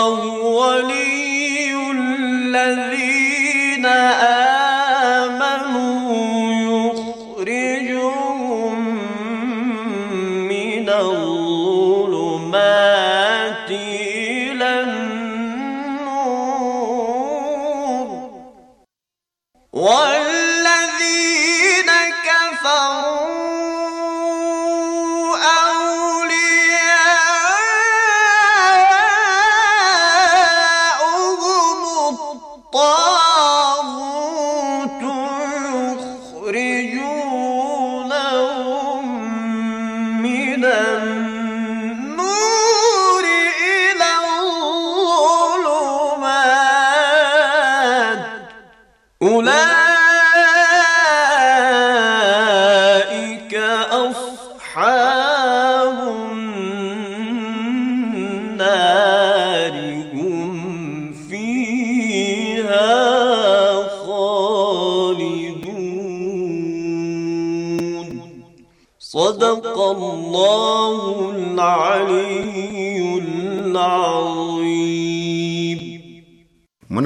الله ولي الذي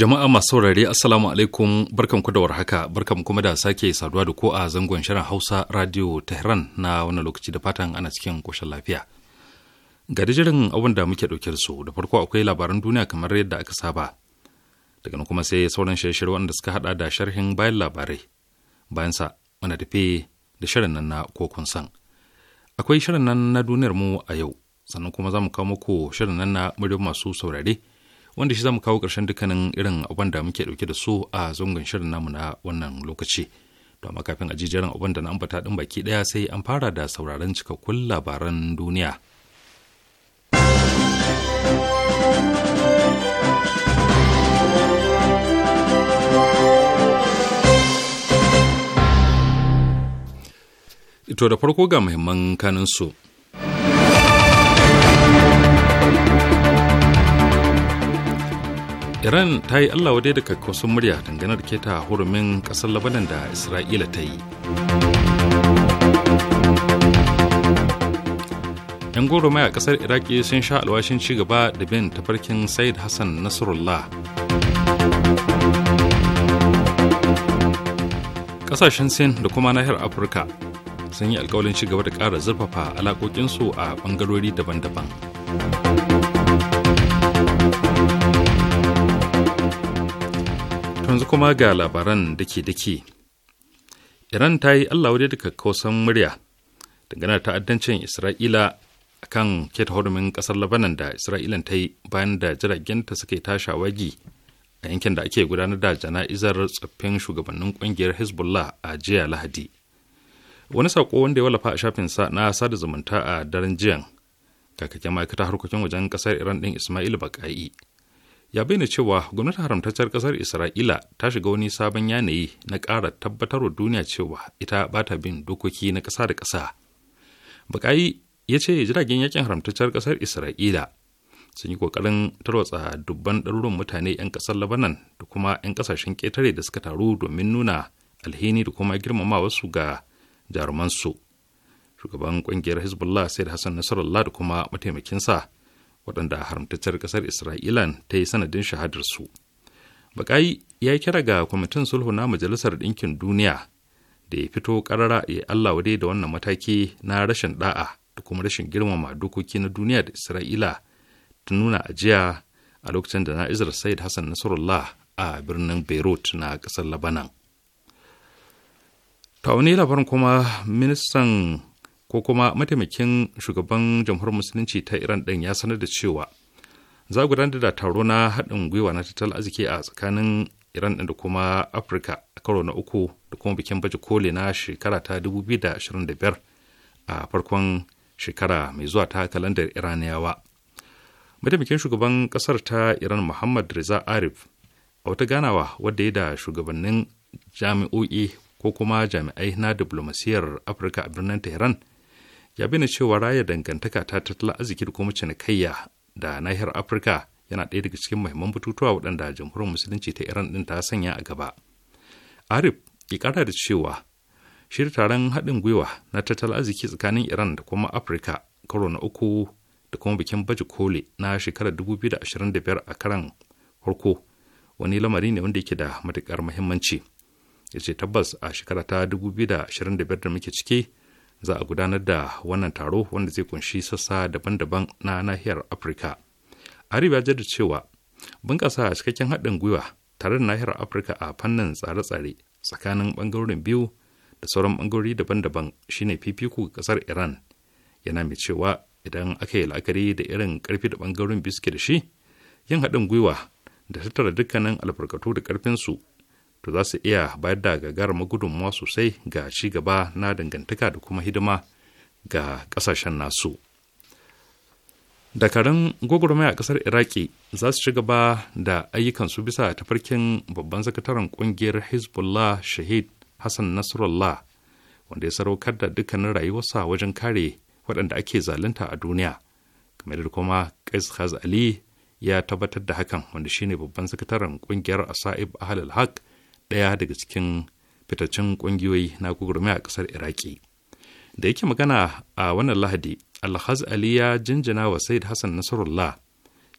Jama'a masu saurare Assalamu alaikum barkanku da warhaka barkanku kuma da sake saduwa da ko a zangon shirin Hausa Radio Tehran na wannan lokaci da fatan ana cikin koshin lafiya. Ga dijirin abin da muke ɗauke su da farko akwai labaran duniya kamar yadda aka saba. Daga nan kuma sai sauran shirye-shirye wanda suka hada da sharhin bayan labarai. Bayan sa muna tafe da shirin nan na kun san. Akwai shirin nan na duniyar mu a yau sannan kuma za mu kawo muku shirin nan na muryar masu saurare. wanda shi za mu kawo ƙarshen dukkanin irin abin da muke ɗauke da su a zangon shirin namu na wannan lokaci. To amma kafin a jijiran abin da na ambata ɗin baki ɗaya sai an fara da sauraron cikakkun labaran duniya. ito da farko ga muhimman kanin su. iran ta yi allah wadai da kakkausun murya dangane da keta hurumin kasar labanan da isra'ila ta yi yan goromai a kasar iraki sun sha alwashin cigaba da bin tafarkin said hassan nasrullah kasashen sin da kuma nahiyar afirka sun yi alkawalin ci da ƙara zurfafa alaƙoƙinsu a ɓangarori daban-daban. yanzu kuma ga labaran dake-dake. Iran ta yi Allah wadai da kakkausan murya dangane da ta'addancin Isra'ila a kan keta hurumin ƙasar Labanan da isra'ila ta yi bayan da jiragenta suka yi tasha wagi a yankin da ake gudanar da jana'izar tsoffin shugabannin ƙungiyar Hezbollah a jiya Lahadi. Wani saƙo wanda ya wallafa a shafin sa na sada zumunta a daren jiyan kakakken ma'aikata harkokin wajen ƙasar Iran ɗin Ismail Baƙa'i ya bayyana cewa gwamnatin haramtaccen kasar isra'ila ta shiga wani sabon yanayi na ƙara wa duniya cewa ita ba ta bin dokoki na ƙasa da ƙasa bakayi ya ce jiragen yakin haramtaccen kasar isra'ila sun yi ƙoƙarin tarwatsa dubban ɗaruruwan mutane 'yan ƙasar labanan da kuma 'yan ƙasashen ƙetare da suka taru domin nuna alhini da kuma wasu ga jarumansu shugaban ƙungiyar hezbollah da hassan nasarallah da kuma mataimakinsa waɗanda haramtacciyar ƙasar isra'ilan ta yi sanadin shahadarsu baƙayi ya kira ga kwamitin sulhu na majalisar ɗinkin duniya da ya fito ƙarara ya allah wadai da wannan mataki na rashin ɗa'a da kuma rashin girmama dokoki na duniya da isra'ila ta nuna ajiya a lokacin da na'izar said hassan Nasrullah a birnin beirut na ƙasar labanan ta wani labarin kuma ministan ko kuma mataimakin shugaban jamhuriyar musulunci ta iran ɗin ya sanar da cewa za gudanar da taro na haɗin gwiwa na tattalin arziki a tsakanin iran ɗin da kuma afirka a karo na uku da kuma bikin baje koli na shekara ta 2025 a farkon shekara mai zuwa ta kalandar iraniyawa mataimakin shugaban ƙasar ta iran muhammad riza arif a wata ganawa wadda ya da shugabannin jami'o'i ko kuma jami'ai na diplomasiyar afirka a birnin tehran ya bayyana cewa raya dangantaka ta tattalin arziki da kuma cinikayya da nahiyar afirka yana ɗaya daga cikin mahimman batutuwa waɗanda jamhuriyar musulunci ta iran ɗin ta sanya a gaba arif ya ƙara da cewa shirin taron haɗin gwiwa na tattalin arziki tsakanin iran da kuma afirka karo na uku da kuma bikin baji kole na shekarar 2025 a karan farko wani lamari ne wanda yake da matuƙar muhimmanci ya ce tabbas a shekara ta 2025 da muke ciki za a gudanar da wannan taro wanda zai kunshi sassa daban-daban na nahiyar afirka arif ya da cewa bunƙasa cikakken haɗin gwiwa tare da nahiyar afirka a fannin tsare-tsare tsakanin ɓangarorin biyu da sauran ɓangarori daban-daban shine fifiko ga ƙasar iran yana mai cewa idan aka yi la'akari da irin ƙarfi da ɓangarorin biyu suke da shi yin haɗin gwiwa da tattara dukkanin albarkatu da ƙarfinsu to za su iya bayar da gagarumar gudunmuwa sosai ga ci gaba na dangantaka da kuma hidima ga kasashen nasu dakarun gwagwarmaya a ƙasar iraki za su ci gaba da ayyukansu bisa ta farkin babban zakataren ƙungiyar hezbollah shahid hassan Nasrullah wanda ya saraukar da dukkanin rayuwarsa wajen kare waɗanda ake zalunta a duniya kamar da kuma qais ali ya tabbatar da hakan wanda shine babban sakataren kungiyar asaib ahlul haq ɗaya daga cikin fitaccen ƙungiyoyi na gugurmai a ƙasar iraki da yake magana a wannan lahadi alhaz ali ya jinjina wa said hassan nasarullah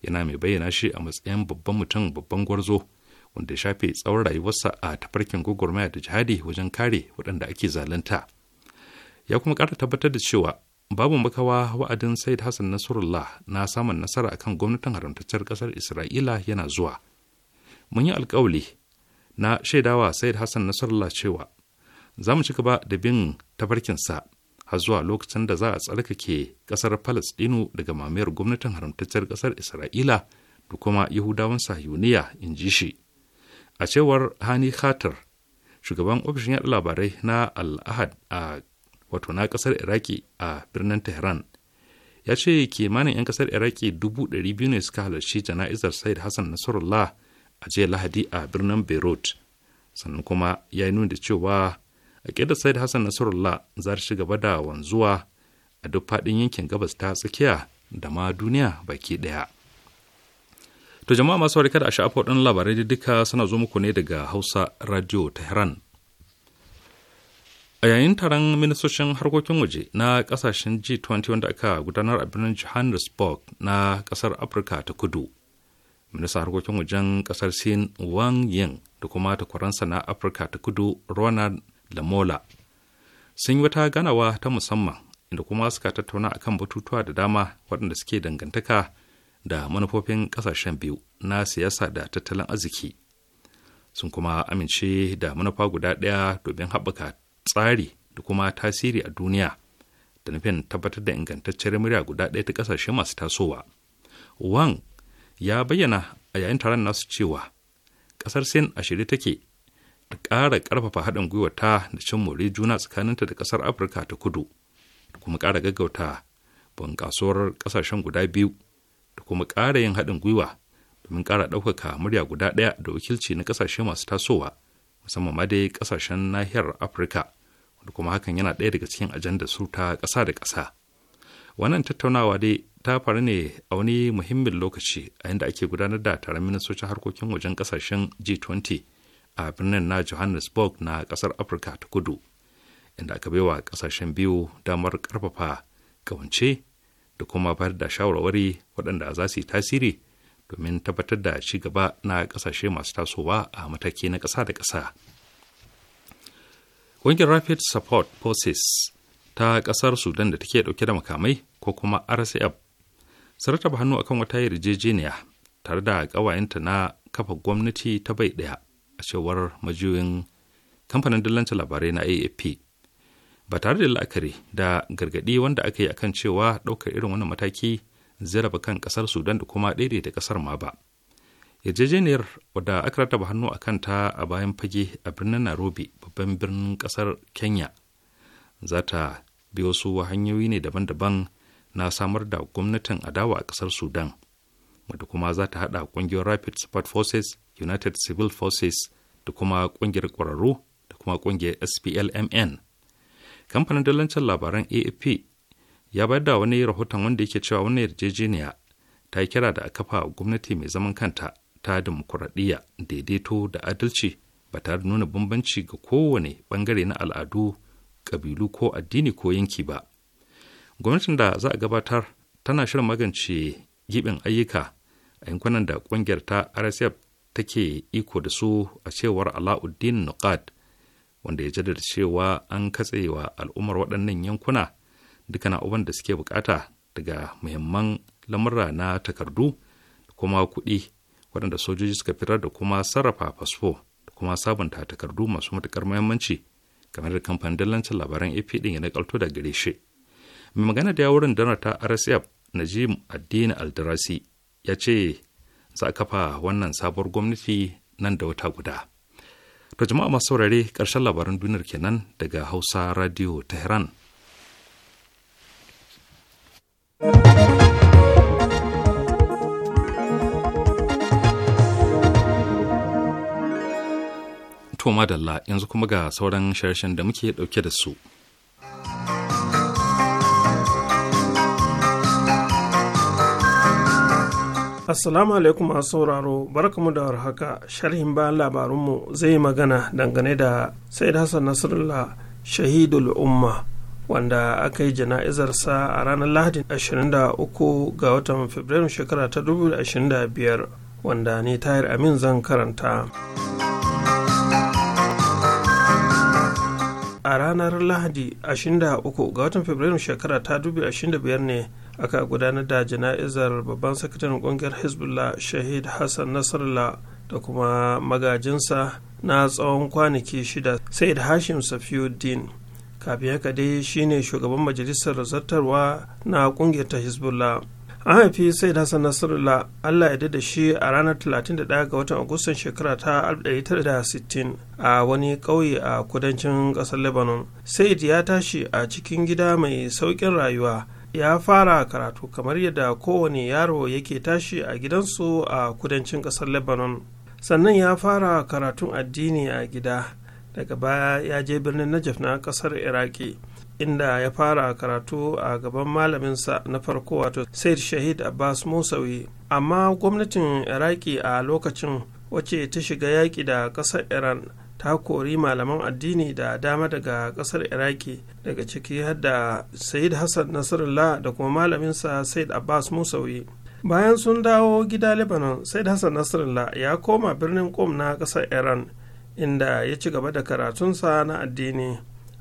yana mai bayyana shi a matsayin babban mutum babban gwarzo wanda ya shafe tsawon rayuwarsa a tafarkin gwagwarmaya da jihadi wajen kare waɗanda ake zalunta ya kuma ƙara tabbatar da cewa babu makawa wa'adin said hassan nasarullah na samun nasara akan gwamnatin haramtaccen ƙasar isra'ila yana zuwa mun yi alkawali na shaidawa Said Hassan Nasrallah cewa za mu ci gaba da bin tafarkinsa har zuwa lokacin da za a tsarkake ƙasar Falasɗinu daga mamayar gwamnatin haramtacciyar ƙasar Isra'ila da kuma Yahudawan Sahiyuniya in ji shi. A cewar Hani Khatar, shugaban ofishin yaɗa labarai na Al-Ahad a wato na ƙasar Iraki a birnin Tehran, ya ce kimanin 'yan ƙasar Iraki dubu ɗari biyu ne suka halarci jana'izar Said Hassan Nasrallah a jiya lahadi a birnin beirut sannan kuma ya yi nuni da cewa a aƙidar said hassan nasarullah za ta gaba da wanzuwa a duk faɗin yankin gabas ta tsakiya da ma duniya baki ɗaya to jama'a masu warka da sha'afa waɗannan labarai da duka suna zo muku ne daga hausa radio tehran a yayin taron ministocin harkokin waje na kasashen g20 wanda aka gudanar a birnin johannesburg na kasar afirka ta kudu minista harkokin wajen kasar sin wang yin da kuma takwaransa na afirka ta kudu ronald lamola sun yi wata ganawa ta musamman inda kuma suka tattauna kan batutuwa da dama waɗanda suke dangantaka da manufofin ƙasashen biyu na siyasa da tattalin arziki sun kuma amince da manufa guda ɗaya domin haɓaka tsari da kuma tasiri a duniya da nufin tabbatar da ingantaccen murya guda ɗaya ta kasashe masu tasowa wang ya bayyana a yayin taron nasu cewa ƙasar sin a shirye take da ƙara ƙarfafa haɗin gwiwa ta da cin more juna tsakaninta da ƙasar afirka ta kudu da kuma ƙara gaggauta bunƙasuwar ƙasashen guda biyu da kuma ƙara yin haɗin gwiwa domin ƙara ɗaukaka murya guda ɗaya da wakilci na ƙasashe masu tasowa musamman ma dai ƙasashen nahiyar afirka wanda kuma hakan yana ɗaya daga cikin ajandar su ta ƙasa da ƙasa wannan tattaunawa dai ta faru ne a wani muhimmin lokaci a inda ake gudanar da taron ministocin harkokin wajen kasashen G20 a birnin na Johannesburg na kasar Afirka ta kudu, inda aka baiwa kasashen biyu damar karfafa kawance da kuma bayar da shawarwari waɗanda za su yi tasiri domin tabbatar da ci gaba na kasashe masu tasowa a mataki na ƙasa da ƙasa. Ƙungiyar Rapid Support Forces ta ƙasar Sudan da take ɗauke da makamai ko kuma rsf. su rataba hannu akan wata yarjejeniya tare da ƙawayenta na kafa gwamnati ta bai ɗaya a cewar majiyoyin kamfanin dillancin labarai na AAP. Ba tare da la'akari da gargaɗi wanda aka yi akan cewa ɗaukar irin wannan mataki zai raba kan ƙasar Sudan da kuma da ƙasar ma ba. Yarjejeniyar wadda aka rataba hannu a kanta a bayan fage a birnin Nairobi babban birnin ƙasar Kenya za ta bi wasu hanyoyi ne daban-daban na samar da gwamnatin adawa a ƙasar sudan wadda kuma za ta haɗa ƙungiyar rapid support forces united civil forces da kuma ƙungiyar ƙwararru da kuma ƙungiyar splmn kamfanin dalancin labaran afp ya bayar da wani rahoton wanda yake cewa wani yarjejeniya ta yi kira da a kafa gwamnati mai zaman kanta ta dimokuraɗiyya daidaito da adalci ba tare da nuna bambanci ga kowane bangare na al'adu ƙabilu ko addini ko yanki ba gwamnatin da za a gabatar tana shirin magance gibin ayyuka a yankunan da ƙungiyar ta rsf take iko da su a cewar alauddin nukad wanda ya jaddada cewa an katsewa al'ummar waɗannan yankuna dukkan abubuwan da suke bukata daga muhimman lamurra na takardu da kuma kuɗi waɗanda sojoji suka fitar da kuma sarrafa fasfo da kuma sabunta takardu masu matuƙar muhimmanci kamar da kamfanin dallancin labaran ap ɗin ya nakalto da gare shi. mai magana da yawurin dana ta rsf najim addini aldarasi ya ce za a kafa wannan sabuwar gwamnati nan da wata guda to jama'a masu saurare karshen labaran duniyar kenan daga hausa radio tehran To madalla yanzu kuma ga sauran sharshen da muke dauke da su. Assalamu alaikum masu sauraro barkamu da warhaka sharhin bayan labarunmu zai magana dangane da Said Hassan Nasrullah shahidul umma wanda aka yi jana'izarsa a ranar Lahadin 23 ga watan Fabrairu shekara ta 2025 wanda ne tayar amin zan karanta. A ranar Lahadi 23 ga watan Fabrairu shekara ta 2025 ne aka gudanar da jana'izar babban sakataren kungiyar hezbollah shahid hassan nasrallah da kuma magajinsa na tsawon kwanaki shida said hashim safiuddin kafin haka dai shine shugaban majalisar zartarwa na kungiyar ta hezbollah an haifi said hassan nasrallah allah ya da shi a ranar 31 ga watan agustan shekara ta 1960 a wani ƙauye a kudancin ƙasar lebanon said ya tashi a cikin gida mai sauƙin rayuwa ya fara karatu kamar yadda kowane yaro yake tashi a gidansu a kudancin ƙasar lebanon sannan ya fara karatun addini a gida daga baya ya je birnin najaf na ƙasar iraki inda ya fara karatu a gaban malaminsa na farko wato said shahid abbas musawi amma gwamnatin iraki a lokacin wacce ta shiga yaƙi da ƙasar iran ta kori malaman addini da dama daga kasar iraki daga ciki har da sayid hassan nasarallah da kuma malaminsa sayid abbas musawi bayan sun dawo gida lebanon sayid hassan nasarallah ya koma birnin kom na kasar iran inda ya ci gaba da karatunsa na addini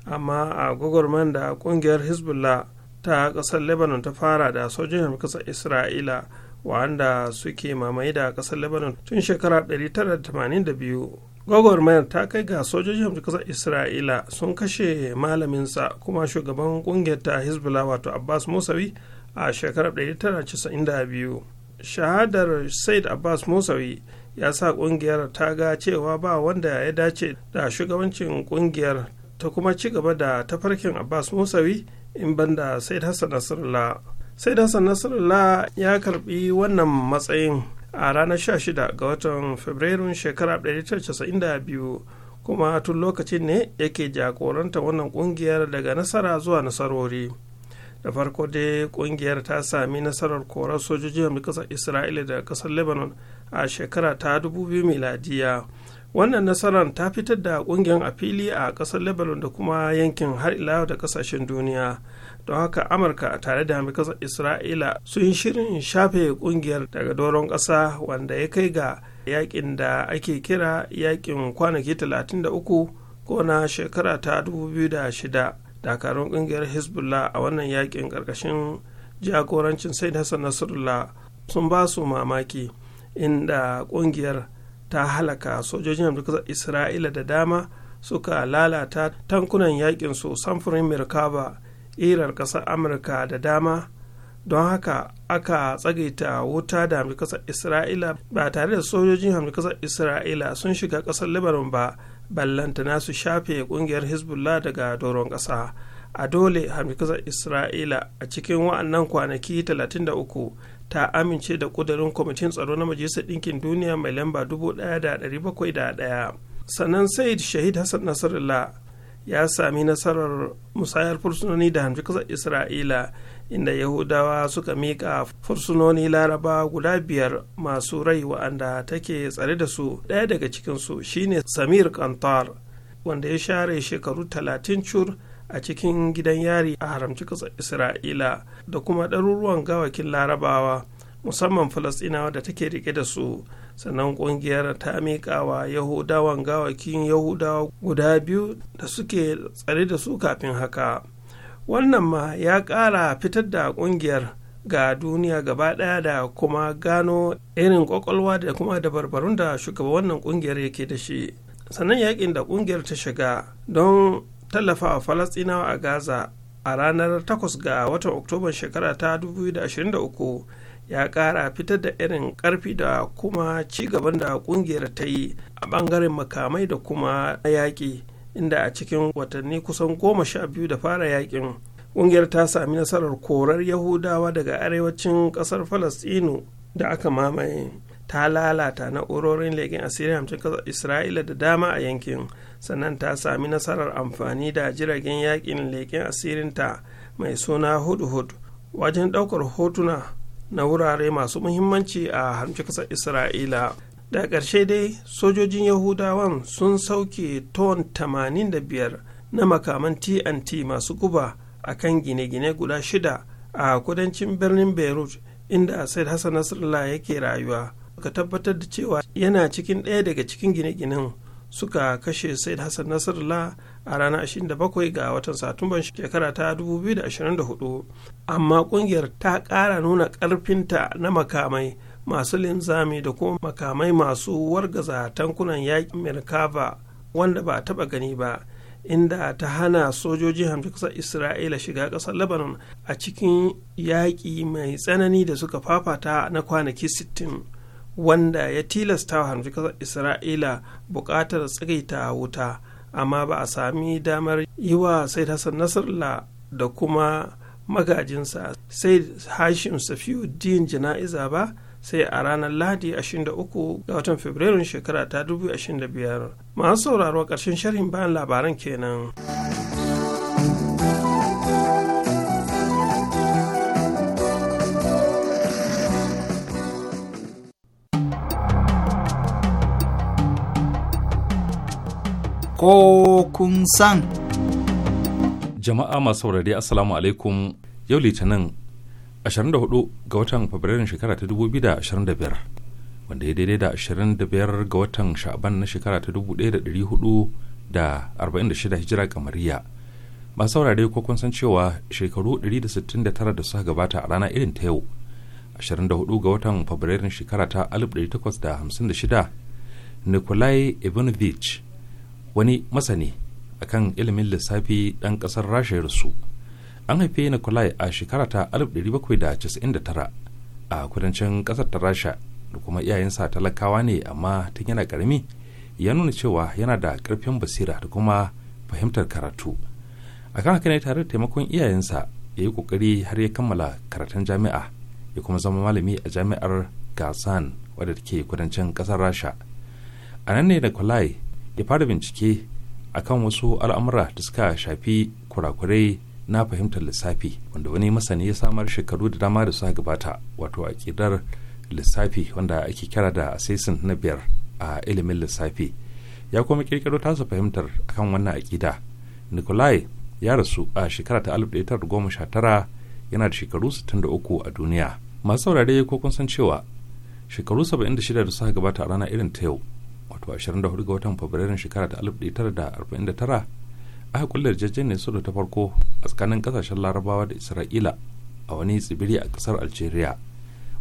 amma a gwagwarman da kungiyar hezbollah ta kasar lebanon ta fara da sojojin kasar isra'ila wanda suke mamaye da kasar lebanon tun shekara 1982 gwagwarmayar ta kai ga sojojin hamsin kasar isra'ila sun kashe malaminsa kuma shugaban kungiyar ta hezbollah wato abbas musawi a shekarar 1992 shahadar said abbas musawi ya sa kungiyar ta ga cewa ba wanda ya dace da shugabancin kungiyar ta kuma ci gaba da tafarkin abbas musawi in banda said hassan nasrallah said hassan nasrallah ya karbi wannan matsayin a ranar 16 ga watan fabrairun shekara 1992 kuma tun lokacin ne yake jagoranta wannan kungiyar daga nasara zuwa nasarori da farko dai kungiyar ta sami nasarar korar sojoji mai kasar isra'ila da kasar lebanon a shekara ta 2000 miladiya wannan nasarar ta fitar da kungiyar a fili a kasar lebanon da kuma yankin har ila da kasashen duniya don haka amurka tare da hamikas isra'ila sun shirin shafe kungiyar daga doron ƙasa wanda ya kai ga yakin da ake kira yakin kwanaki 33 ko na shekara ta 2006 dakarun kungiyar hezbollah a wannan yakin ƙarƙashin jagorancin said hassan nasrullah sun ba su mamaki inda kungiyar ta halaka sojojin amurka isra'ila da dama suka lalata tankunan yakin su samfurin mirkaba iran kasar amurka da dama don haka aka tsagaita wuta da hamdi kasar isra'ila ba tare da sojojin hamdi isra'ila sun shiga kasar libanon ba ballanta nasu shafe ƙungiyar hezbollah daga doron ƙasa a dole hamdi kasar isra'ila a cikin wa'annan kwanaki 33 ta amince da kudurin kwamitin tsaro na majalisar ɗinkin duniya mai lamba 1701 sannan said shahid hassan nasarallah ya sami nasarar musayar fursunoni da hamshi kasar isra'ila inda yahudawa suka miƙa fursunoni laraba guda biyar masu rai wa'anda take tsare da su ɗaya daga cikinsu shine samir kantar wanda ya share shekaru talatin cur a cikin gidan yari a haramci kasar isra'ila da kuma ɗaruruwan gawakin larabawa musamman falasɗinawa da take rike da su sannan kungiyar ta miƙawa yahudawan gawakin yahudawa guda biyu da suke tsare da su kafin haka wannan ma ya ƙara fitar da kungiyar ga duniya gaba ɗaya da kuma gano irin ƙwaƙwalwa da kuma dabarbarun da shugaba wannan ƙungiyar yake da shi sannan yakin da ƙungiyar ta shiga don tallafa wa falastinawa a gaza a ranar 8 ga watan oktoba shekara ta 2023 ya kara fitar da irin karfi da kuma ci gaban da kungiyar ta yi a bangaren makamai da kuma yaƙi inda a cikin watanni kusan goma sha biyu da fara yaƙin kungiyar ta sami nasarar korar yahudawa daga arewacin ƙasar falastinu da aka mamaye ta lalata na'urorin leƙen asirin hamsin ƙasar isra'ila da dama a yankin sannan ta sami nasarar amfani da jiragen yaƙin leƙen asirinta mai suna hud-hudu wajen ɗaukar hotuna na wurare masu muhimmanci a harmci kasar isra'ila da ƙarshe dai sojojin yahudawan sun sauke ton 85 na makaman tnt masu guba a kan gine-gine guda shida a kudancin birnin beirut inda said hassan nasrallah yake rayuwa ka tabbatar da cewa yana cikin ɗaya daga cikin gine-ginen suka kashe said hassan nasrallah a ranar 27 ga watan satumban shekara ta 2024 amma kungiyar ta kara nuna ƙarfinta na makamai masu linzami da kuma makamai masu wargaza tankunan yakin merkava wanda ba a taɓa gani ba inda ta hana sojoji hamsi kasar isra'ila shiga ƙasar lebanon a cikin yaƙi mai tsanani da suka fafata na kwanaki 60 wanda ya tilasta wa hamsin kasar isra'ila buƙatar tsagaita wuta amma ba a sami damar yi wa sai hassan nasarla da kuma magajinsa said hashim din jana'iza ba sai a ranar lahadi 23 ga watan fabrairun shekara ta 2025 masu sauraro karshen sharhin bayan labaran kenan. ko kun san. Jama'a masu saurari Assalamu alaikum yau Litinin 24 ga watan Fabrairun shekara ta 2025 wanda ya daidai da 25 ga watan shaban na shekara ta 1446 Hijira kamariya. Masu saurari ko kun san cewa shekaru 169 da suka gabata a rana irin ta yau 24 ga watan Fabrairun shekara ta 1856 Nikolai Ivanovich wani masani akan ilimin lissafi ɗan ƙasar rasha ya rasu an haife nikolai a shekara ta 1799 a kudancin ƙasar ta rasha da kuma iyayensa talakawa ne amma tun yana ƙarami ya nuna cewa yana da ƙarfin basira da kuma fahimtar karatu a kan haka ne tare da taimakon iyayensa ya yi ƙoƙari har ya kammala karatun jami'a ya kuma zama malami a jami'ar gasan wadda take kudancin ƙasar rasha a nan ne nikolai ya fara bincike a kan wasu al'amura da suka shafi kurakurai na fahimtar lissafi wanda wani masani ya samar shekaru da dama da suka gabata wato a ƙidar lissafi wanda ake kira da assessment na biyar a ilimin lissafi ya kuma kirkiro tasa fahimtar akan wannan aƙida nikolai ya rasu a shekara ta 1919 yana da shekaru 63 a duniya masu saurari ko kun san cewa shekaru 76 da suka gabata a rana irin ta yau wato 24 ga watan fabrairun shekara ta 1949 aka kulle sulhu ta farko a tsakanin kasashen larabawa da isra'ila a wani tsibiri a kasar algeria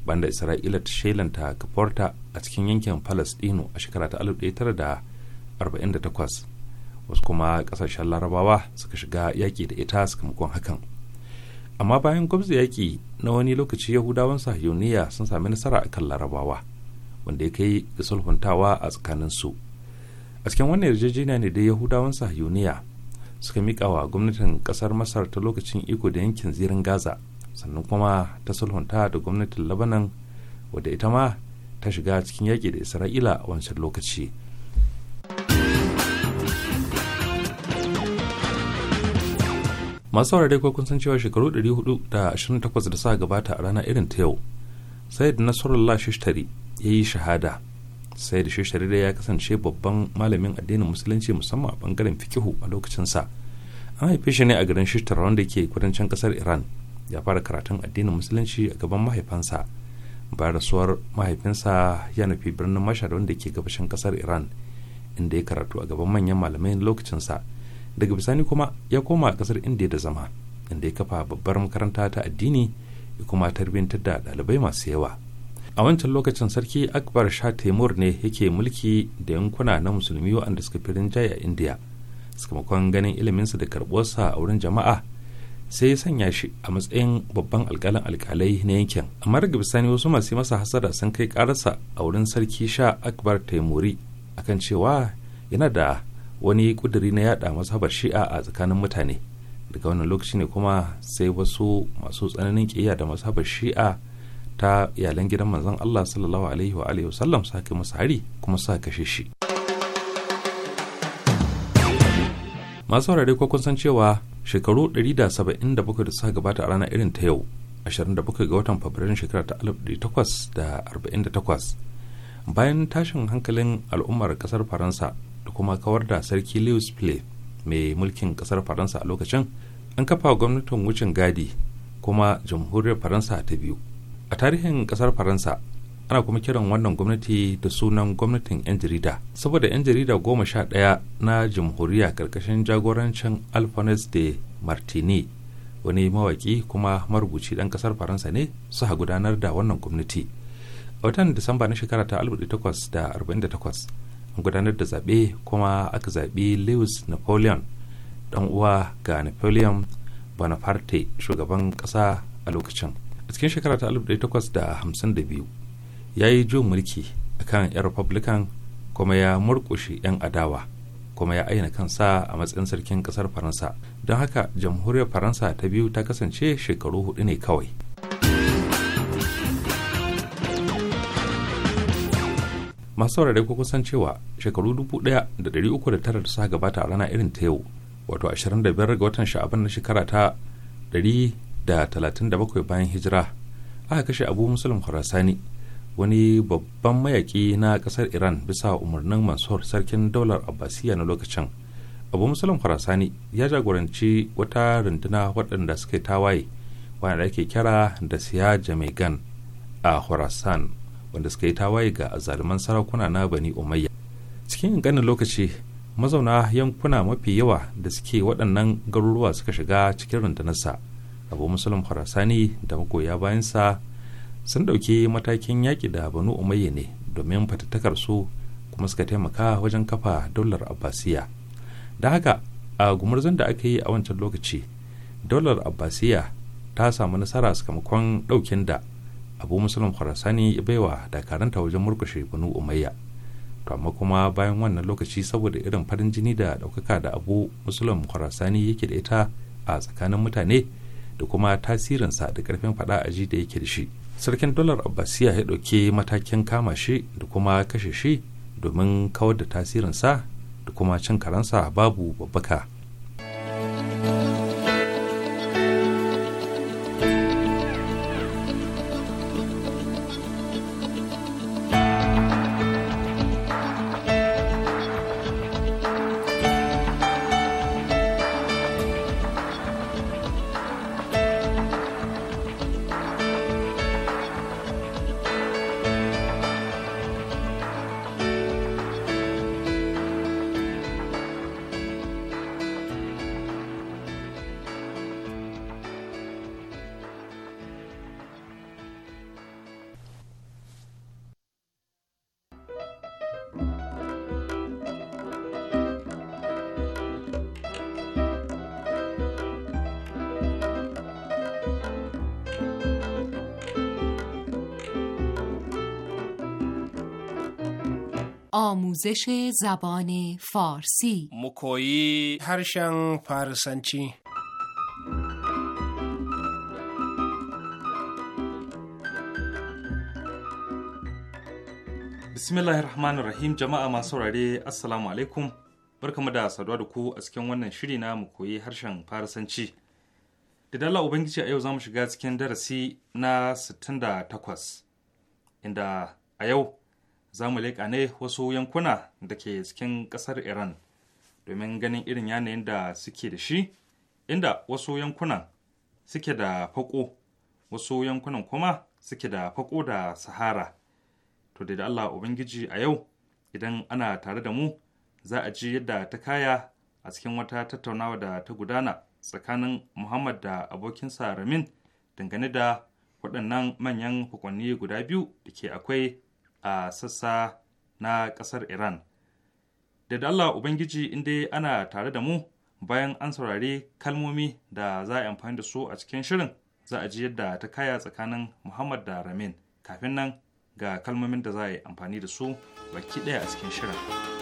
banda isra'ila ta shelanta kaforta a cikin yankin palestino a shekara ta 1948 wasu kuma kasashen larabawa suka shiga yaƙi da ita sakamakon hakan amma bayan gwamza yaƙi na wani lokaci yahudawan sahiyoniya sun sami nasara akan larabawa wanda ya kai ga sulhuntawa a tsakanin su a cikin wannan yarjejeniya ne da yahudawan sahiyuniya suka mika wa gwamnatin kasar masar ta lokacin iko da yankin zirin gaza sannan kuma ta sulhunta da gwamnatin labanan wadda ita ma ta shiga cikin yaƙi da isra'ila a wancan lokaci masu saurare ko kun san cewa shekaru 428 da suka gabata a rana irin ta yau sayyid nasarullah shishtari ya yi shahada sai da shi ya kasance babban malamin addinin musulunci musamman a bangaren fikihu a lokacinsa an haife shi ne a garin shishtar wanda ke kudancin kasar iran ya fara karatun addinin musulunci a gaban mahaifansa bayan rasuwar mahaifinsa ya nufi birnin mashhad wanda ke gabashin kasar iran inda ya karatu a gaban manyan malamai lokacinsa daga bisani kuma ya koma a kasar indiya da zama inda ya kafa babbar makaranta ta addini ya kuma tarbiyyantar da ɗalibai masu yawa a wancan lokacin sarki akbar sha taimur ne yake mulki da yankuna na musulmi waɗanda suka fi rinjaye a indiya sakamakon ganin iliminsa da karɓuwarsa a wurin jama'a sai ya sanya shi a matsayin babban alƙalin alƙalai na yankin amma daga bisani wasu masu masa hasada sun kai ƙararsa a wurin sarki sha akbar taimuri akan cewa yana da wani ƙuduri na yada mazhabar shi'a a tsakanin mutane daga wannan lokaci ne kuma sai wasu masu tsananin ƙiyya da mazhabar shi'a ta iyalan gidan manzon Allah sallallahu alaihi wa alihi wasallam sa kai masa hari kuma sa kashe shi masu saurare ko kun san cewa shekaru 177 da suka gabata a ranar irin ta yau 27 ga watan fabrairun shekara ta 1848 bayan tashin hankalin al'ummar kasar faransa da kuma kawar da sarki louis philippe mai mulkin kasar faransa a lokacin an kafa gwamnatin wucin gadi kuma jamhuriyar faransa ta biyu a tarihin kasar faransa ana kuma kiran wannan gwamnati da sunan gwamnatin 'yan jarida saboda 'yan jarida goma sha ɗaya na jamhuriya karkashin jagorancin alphonse de martini wani mawaki kuma marubuci ɗan kasar faransa ne su ha gudanar da wannan gwamnati a watan disamba na shekara ta 1848 an gudanar da zaɓe kuma aka zaɓi lewis napoleon dan uwa ga napoleon bonaparte shugaban ƙasa a lokacin a cikin shekara ta 1852 ya yi jin mulki a kan 'yan republican kuma ya murkushe 'yan adawa kuma ya aina kansa a matsayin sarkin kasar faransa don haka jamhuriyar faransa ta biyu ta kasance shekaru hudu ne kawai masu saurare ko kusan cewa shekaru 1,309 da suka gabata a rana irin ta yau wato 25 ga watan sha'aban na shekara ta 100 da 37 bayan hijira aka kashe abu musulun khurasani wani babban mayaki na kasar iran bisa umarnin mansur sarkin daular abbasiya na lokacin abu musulun khurasani ya jagoranci wata runduna waɗanda suka tawaye wanda ake kira da siya jamaican a khurasan wanda suka yi tawaye ga azaliman sarakuna na bani umayya cikin ganin lokaci mazauna yankuna mafi yawa da suke waɗannan garuruwa suka shiga cikin rundunarsa abu musulun farasani da magoya bayansa sun ɗauki matakin yaƙi da banu umayya ne domin fatattakar su kuma suka taimaka wajen kafa daular abbasiya da haka a gumurzan da aka yi a wancan lokaci daular abbasiya ta samu nasara sakamakon ɗauken da abu musulun farasani ya baiwa dakaranta wajen murkushe banu umayya to amma kuma bayan wannan lokaci saboda irin farin jini da ɗaukaka da abu musulun farasani yake da ita a tsakanin mutane da kuma tasirin sa da karfin fada a ji da yake da shi sarkin dolar abbasiya ya ɗauki matakin kama shi da kuma kashe shi domin kawar da tasirin sa da kuma cin karansa babu babbaka آموزش زبان فارسی مکویی هرشن فارسنچی bismillahir rahmanir rahim jama'a masu saurare assalamu alaikum barkamu da saduwa da ku a cikin wannan shiri na mu koyi harshen farisanci da dala ubangiji a yau za mu shiga cikin darasi na 68 inda a yau za mu leƙa ne wasu yankuna da ke cikin ƙasar iran domin ganin irin yanayin da suke da shi inda wasu yankunan suke da fako wasu yankunan kuma suke da fako da sahara to da allah ubangiji a yau idan ana tare da mu za a ji yadda ta kaya a cikin wata tattaunawa da ta gudana tsakanin muhammad da abokinsa ramin dangane da waɗannan manyan hukunni guda biyu da ke akwai a sassa na ƙasar Iran. Da Allah Ubangiji inda ana tare da mu bayan an saurari kalmomi da za a amfani da su a cikin shirin za a ji yadda ta kaya tsakanin Muhammad da Ramin kafin nan ga kalmomin da za a yi amfani da su baki ɗaya a cikin shirin.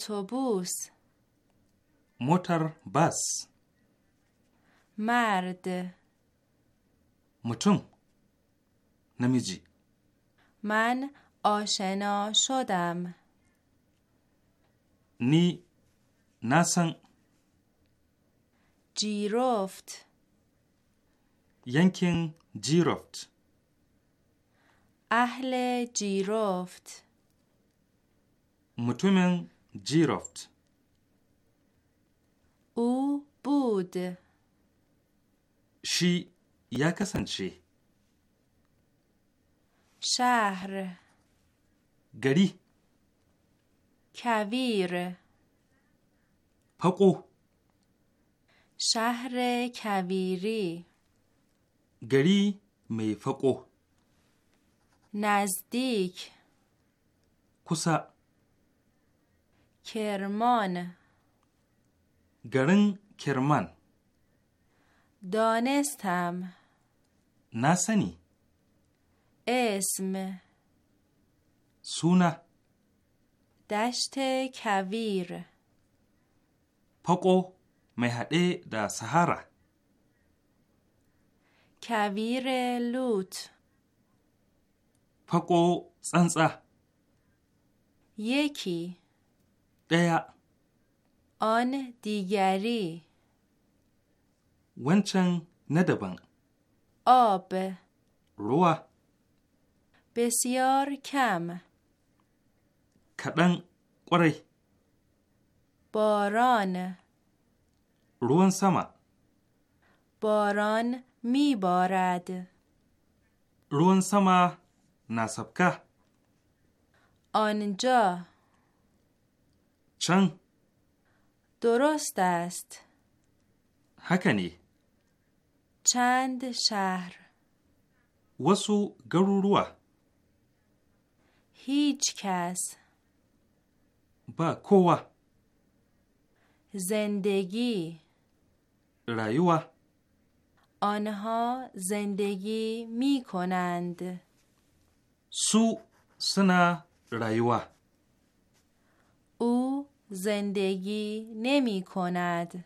اتوبوس موتر بس مرد متوم نمیجی من آشنا شدم نی ناسن جیرفت ینکن جیرفت اهل جیرفت متومن جیرفت او بود شی یا کسنچه شهر گری کویر پقو شهر کویری گری میفقو نزدیک کسا کرمان گرن کرمان دانستم نسنی اسم سونه دشت کویر پاکو مهده دا سهارا کویر لوت پاکو سنسه یکی ɗaya. on digari wancan na daban ob ruwa besiyar kam kaɗan kwarai. boron ruwan sama boron mi borad ruwan sama na sabka Onja. چن درست است هکنی چند شهر وسو گرورو هیچ کس با کوه زندگی رایوا آنها زندگی می کنند سو سنا رایوا. او زندگی نمی کند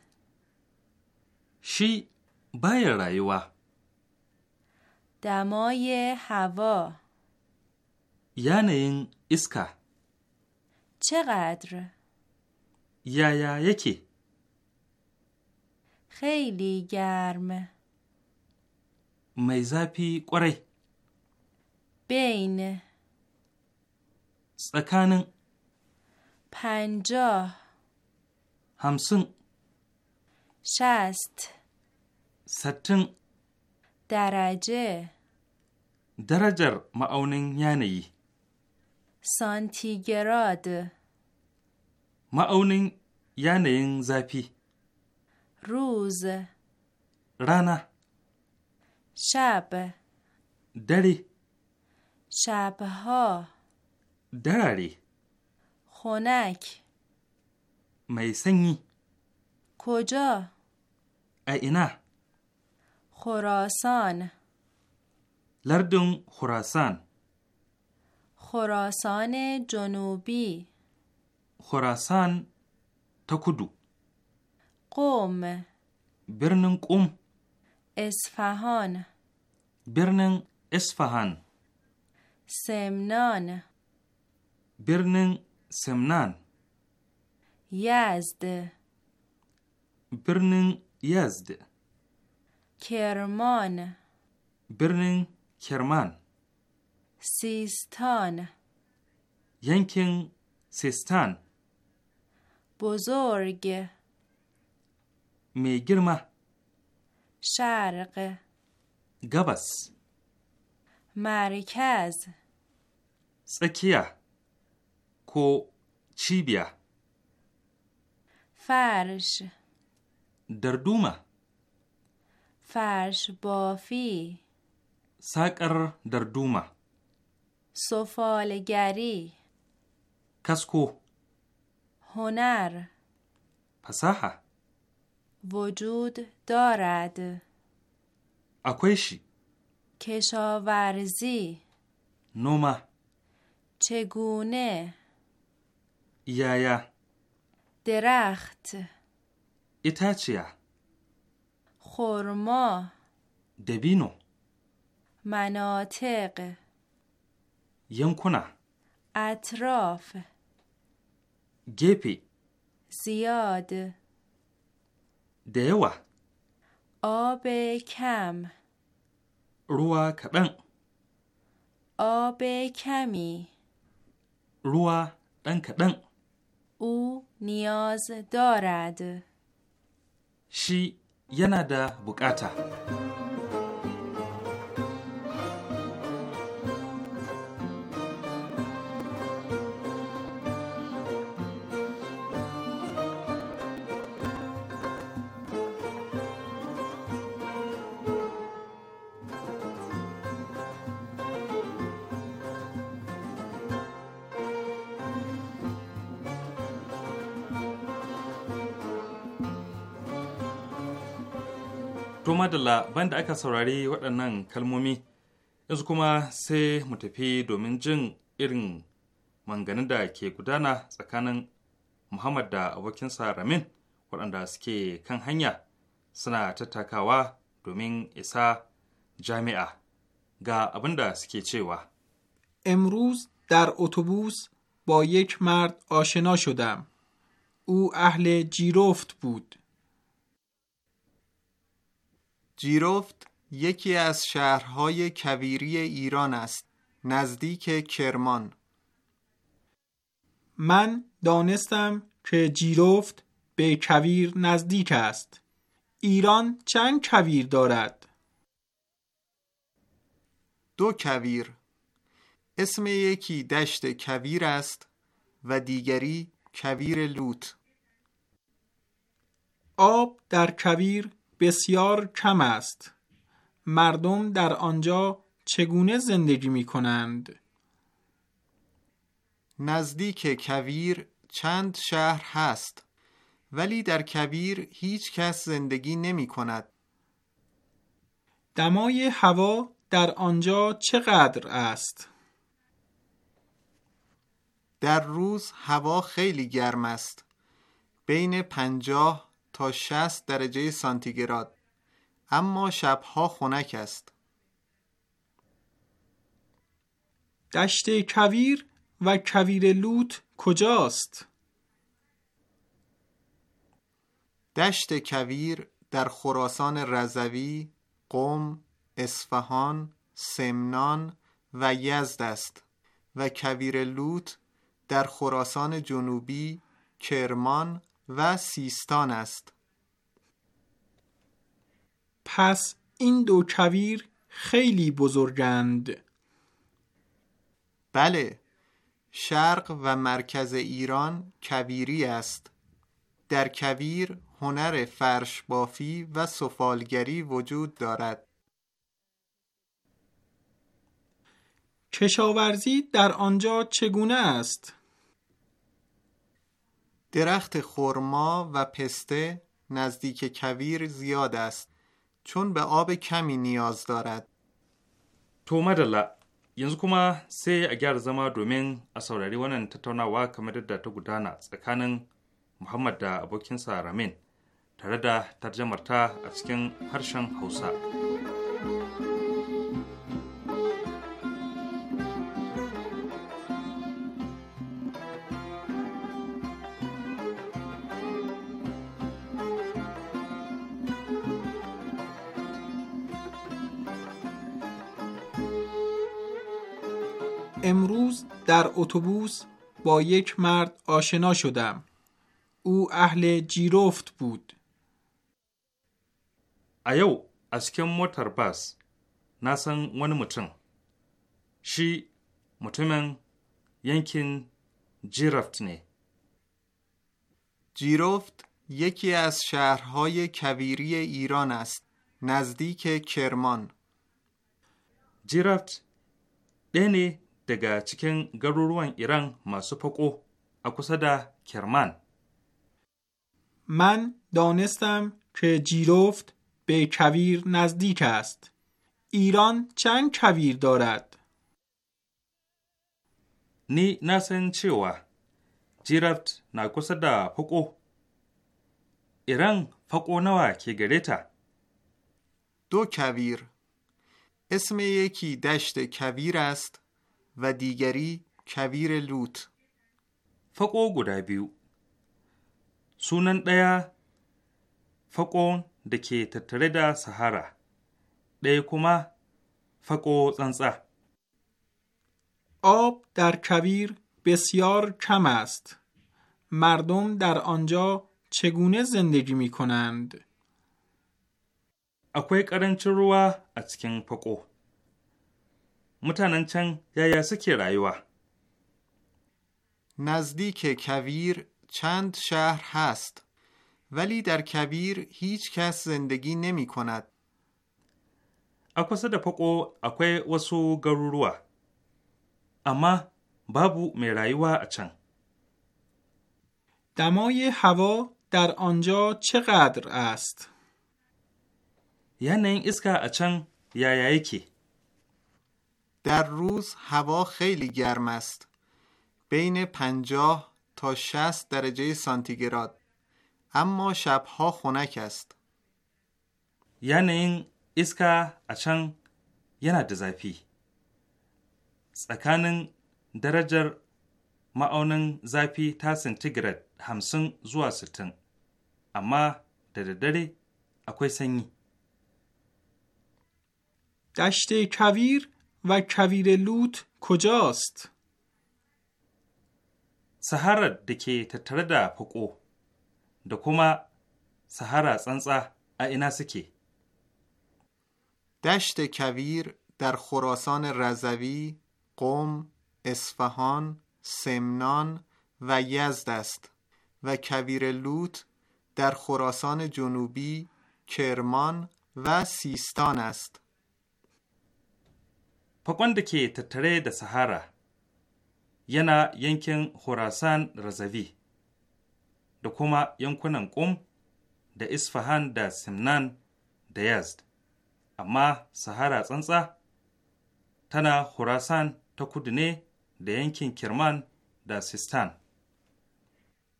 شی بای رایوا دمای هوا یعنی اسکا چقدر یا یا یکی خیلی گرم پی قره بین سکانن پنجاه همسن شست ستن درجه درجر معاونین یعنی سانتیگراد معاونین یعنی زفی روز رانا شب دری شبها دراری خنک می سنگی کجا؟ اینا خراسان لردن خراسان خراسان جنوبی خراسان تکدو قوم برنن قوم اصفهان برنن اصفهان سمنان برنن سمنان یزد برنن یزد کرمان برنن کرمان سیستان ینکن سیستان بزرگ میگرمه شرق گبس مرکز سکیه کو بیا؟ فرش دردومه فرش بافی ساکر دردومه سفالگری کسکو هنر پساها وجود دارد اکویشی کشاورزی نومه چگونه یایا درخت ایتاچیا خورما دبینو مناطق ینکونا اطراف گپی زیاد دیوه آب کم روا کدن آب کمی روا دن کدن او نیاز دارد. شی یه نده بکاته. madalla banda aka saurari waɗannan kalmomi yanzu kuma sai mu tafi domin jin irin manganin da ke gudana tsakanin muhammad da abokinsa ramin waɗanda suke kan hanya suna tattakawa domin isa jami'a ga abin da suke cewa امروز در اتوبوس با یک مرد آشنا شدم او اهل جیرفت بود جیرفت یکی از شهرهای کویری ایران است نزدیک کرمان من دانستم که جیرفت به کویر نزدیک است ایران چند کویر دارد؟ دو کویر اسم یکی دشت کویر است و دیگری کویر لوت آب در کویر بسیار کم است. مردم در آنجا چگونه زندگی می کنند؟ نزدیک کویر چند شهر هست ولی در کویر هیچ کس زندگی نمی کند. دمای هوا در آنجا چقدر است؟ در روز هوا خیلی گرم است. بین پنجاه تا 60 درجه سانتیگراد اما شبها خنک است دشت کویر و کویر لوت کجاست؟ دشت کویر در خراسان رضوی، قم، اصفهان، سمنان و یزد است و کویر لوت در خراسان جنوبی، کرمان و سیستان است پس این دو کویر خیلی بزرگند بله شرق و مرکز ایران کویری است در کویر هنر فرش بافی و سفالگری وجود دارد کشاورزی در آنجا چگونه است؟ درخت خرما و پسته نزدیک کویر زیاد است چون به آب کمی نیاز دارد تو مدلا yanzu kuma sai a gyara zama domin a saurari wannan tattaunawa kamar yadda ta gudana tsakanin muhammad da abokinsa ramin tare da tarjamarta a cikin harshen hausa امروز در اتوبوس با یک مرد آشنا شدم. او اهل جیرفت بود. ایو از کم موتر بس نسن ون متن. شی متمن ینکین جیرفت نه. جیرفت یکی از شهرهای کویری ایران است نزدیک کرمان. جیرفت دنی یعنی دگه cikin garuruwan ایران masu faƙo a kusa من دانستم که جیروفت به کویر نزدیک است. ایران چند کویر دارد؟ نی نسن چیوا جیرفت ناکوس دا فقو ایران فقو نوا که گریتا دو کویر اسم یکی دشت کویر است و دیگری کویر لوت فقو گدا بیو سونن دیا فقو دکی تتردا سهارا. دی کما فقو زنسا آب در کویر بسیار کم است. مردم در آنجا چگونه زندگی می کنند؟ اکوی کرنچ روا از کن پکو. mutanen can yaya suke rayuwa نزدیک کویر چند شهر هست ولی در کبیر هیچ کس زندگی نمی کند. اکوسه دا پکو اکوی وسو گروروا اما بابو می رایوا اچن دمای هوا در آنجا چقدر است؟ یعنی این اسکا اچن یا در روز هوا خیلی گرم است بین 50 تا 60 درجه سانتیگراد اما شبها خنک است یعنی اسکا اچن یعنی دزایفی tsakanin darajar ma'aunin zafi ta centigrade hamsin zuwa sittin amma da daddare akwai sanyi. دشت کویر و کویر لوت کجاست؟ سهر دکی تترد پکو دکوما سهر سنسا اینا سکی دشت کویر در خراسان رضوی، قوم، اصفهان، سمنان و یزد است و کویر لوت در خراسان جنوبی، کرمان و سیستان است. Faƙon da ke tattare da Sahara yana yankin Khorasan Razavi da kuma yankunan Qum da Isfahan da Simnan da Yazd, amma Sahara tsantsa tana Khorasan ta kudu ne da yankin Kirman da Sistan.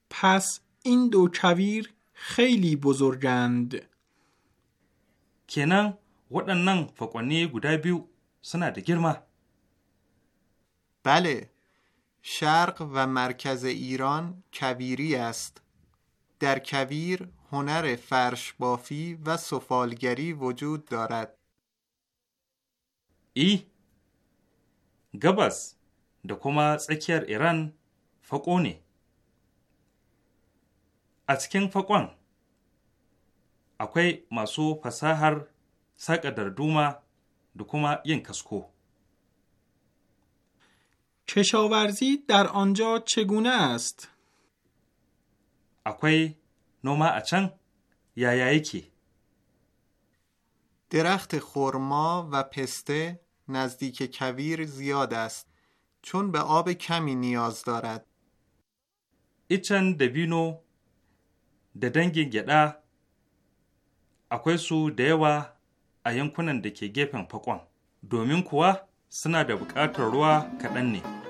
pas indo chavir haili kenan waɗannan faƙonni guda biyu suna da girma Bale, شرق و مرکز ایران کویری است در کویر هنر فرش بافی و سفالگری وجود دارد ای گبس da kuma tsakiyar Iran faƙo ne. A cikin faƙon akwai masu fasahar saƙa darduma da kuma yin kasko. کشاورزی در آنجا چگونه است؟ اکوی نوما اچن یا درخت خرما و پسته نزدیک کویر زیاد است چون به آب کمی نیاز دارد. ایچن دبینو ددنگی گدا اکوی سو دیوه a yankunan da ke gefen fakon, domin kuwa suna da buƙatar ruwa kaɗan ne.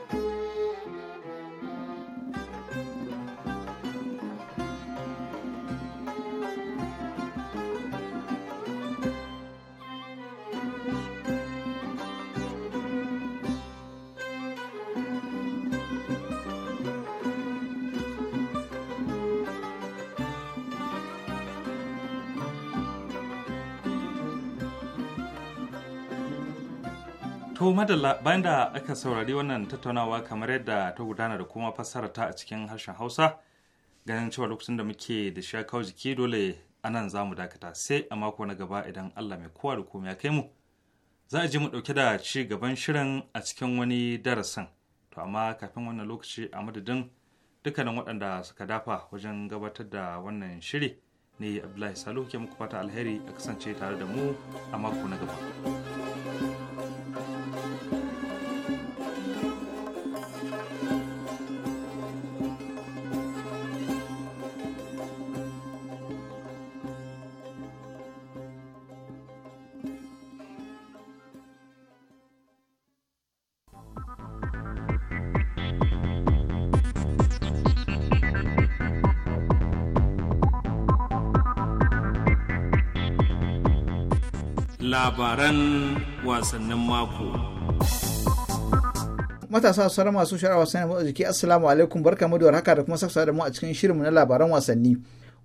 madalla bayan da aka saurari wannan tattaunawa kamar yadda ta gudana da kuma fassara ta a cikin harshen hausa ganin cewa lokacin da muke da shi kawo jiki dole a nan za mu dakata sai a mako na gaba idan allah mai kowa da komai ya kai mu za a ji mu dauke da ci gaban shirin a cikin wani darasin to amma kafin wannan lokaci a madadin dukkanin waɗanda suka dafa wajen gabatar da wannan shiri ne abdullahi salihu ke muku fata alheri a kasance tare da mu a mako na gaba. labaran wasannin mako. Matasa su masu shara wasannin motsa jiki Assalamu alaikum barka mu da warhaka da kuma saksa da mu a cikin shirinmu na labaran wasanni.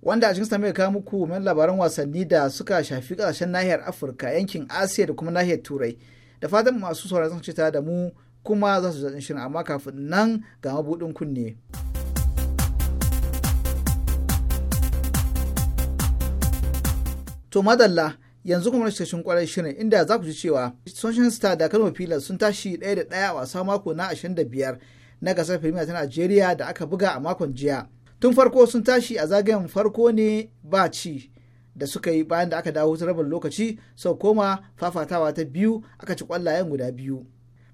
Wanda a cikin sami mai muku mai labaran wasanni da suka shafi kasashen nahiyar Afirka, yankin Asiya da kuma nahiyar Turai. Da fatan masu sauraron sun ta da mu kuma za su zaɗin shirin amma kafin nan ga mabuɗin kunne. To madalla yanzu kuma na cikin kwarai shirin inda za ku ji cewa sunshine star da kano pilas sun tashi ɗaya da ɗaya a wasa mako na 25 na gasar firimiya ta najeriya da aka buga a makon jiya tun farko sun tashi a zagayen farko ne ba ci da suka yi bayan da aka dawo ta rabin lokaci sau koma fafatawa ta biyu aka ci kwallayen guda biyu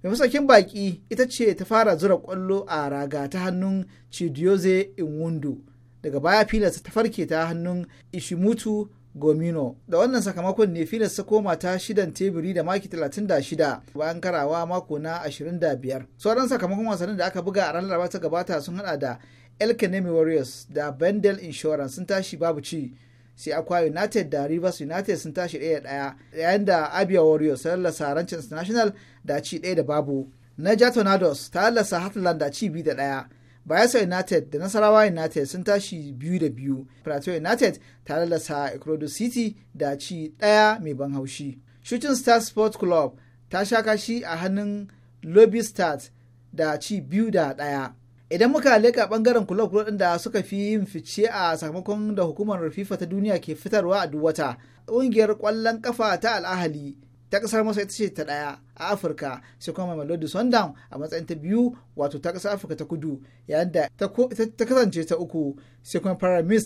mai masakin baki ita ce ta fara zura kwallo a raga ta hannun chidioze inwundu daga baya filas ta farke ta hannun ishimutu gomino da wannan sakamakon ne filas ta koma ta shidan teburi da maki 36 bayan karawa mako na 25 sauran sakamakon wasannin da aka buga a ranar ta gabata sun hada da elkanemi warriors da bendel insurance sun tashi babu ci sai akwa united da rivers united sun tashi ɗaya ɗaya yayin da abia warriors ta lallasa rancin international da ci ɗaya da babu na Tornadoes ta lallasa Heartland da ci biyu da ɗaya bayelsa united da nasarawa united sun tashi biyu da biyu plateau united ta lalasa ecuador city da ci ɗaya mai ban haushi shooting star sport club ta sha kashi a hannun lobby stars da ci biyu da ɗaya idan muka leka bangaren kulob kulob ɗin da suka fi yin fice a sakamakon da hukumar fifa ta duniya ke fitarwa a duwata, wata ƙungiyar ƙwallon kafa ta al'ahali ta kasar masa ita ce ta daya a afirka sai kuma mamelodi sundown a matsayin ta biyu wato ta kasar afirka ta kudu yayin da ta kasance ta uku sai kuma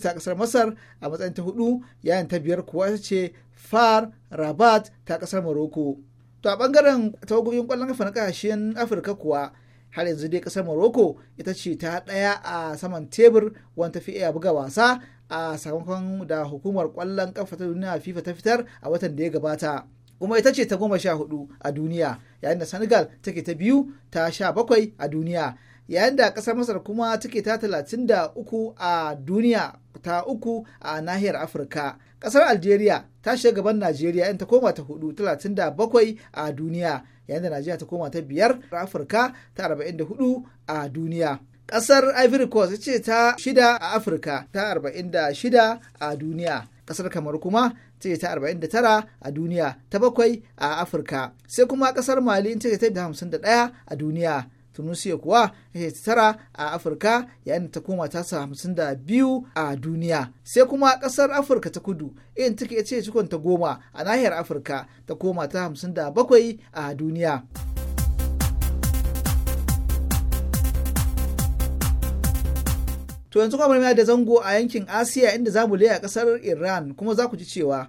ta kasar masar a matsayin ta hudu yayin ta biyar kuwa ita ce far rabat ta kasar morocco to a bangaren tawagogin kwallon kafa na kasashen afirka kuwa har yanzu dai kasar morocco ita ce ta daya a saman tebur wani fi iya buga wasa a sakamakon da hukumar kwallon kafa ta duniya fifa ta fitar a watan da ya gabata kuma ita ce ta goma sha hudu a duniya yayin da senegal take ta biyu ta sha bakwai a duniya yayin da kasar masar kuma take ta talatin da uku a duniya ta uku a nahiyar afirka kasar algeria ta shiga gaban najeriya in ta koma ta hudu talatin da bakwai a duniya yayin da najeriya ta koma ta biyar a afirka ta arba'in da hudu a duniya kasar ivory coast ce ta shida a afirka ta arba'in da shida a duniya kasar kamar kuma ce ta 49 a duniya ta bakwai a afirka sai kuma kasar mali ce ta 51 a duniya tunisia kuwa ita ta tara a afirka yayin ta koma ta sa hamsin da biyu a duniya sai kuma kasar afirka ta kudu in take ce cikon ta goma a nahiyar afirka ta koma ta hamsin da bakwai a duniya. To yanzu kuma mai da zango a yankin Asiya inda za mu a kasar Iran kuma za ku ji cewa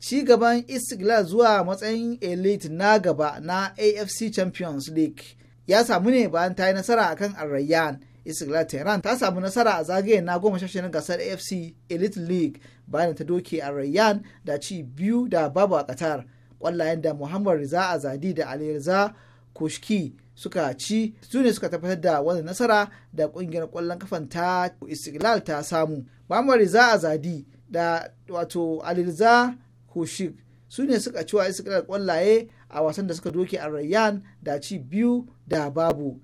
ci gaban Istiklal zuwa matsayin elite na gaba na AFC Champions League ya samu ne bayan ta yi nasara akan Arrayan. Istiklal Tehran ta samu nasara a zagaye na goma shashe na gasar AFC Elite League bayan ta doke Arrayan da ci biyu da babu a Qatar. Kwallayen da Muhammad Riza Azadi da Ali Riza Kushki suka ci su ne suka tabbatar da wani nasara da kungiyar kwallon kafan ta istiklal ta samu za riza Zadi da wato alirza hushik su ne suka ci wa istiklal kwallaye a wasan da suka doke a rayyan da ci biyu da babu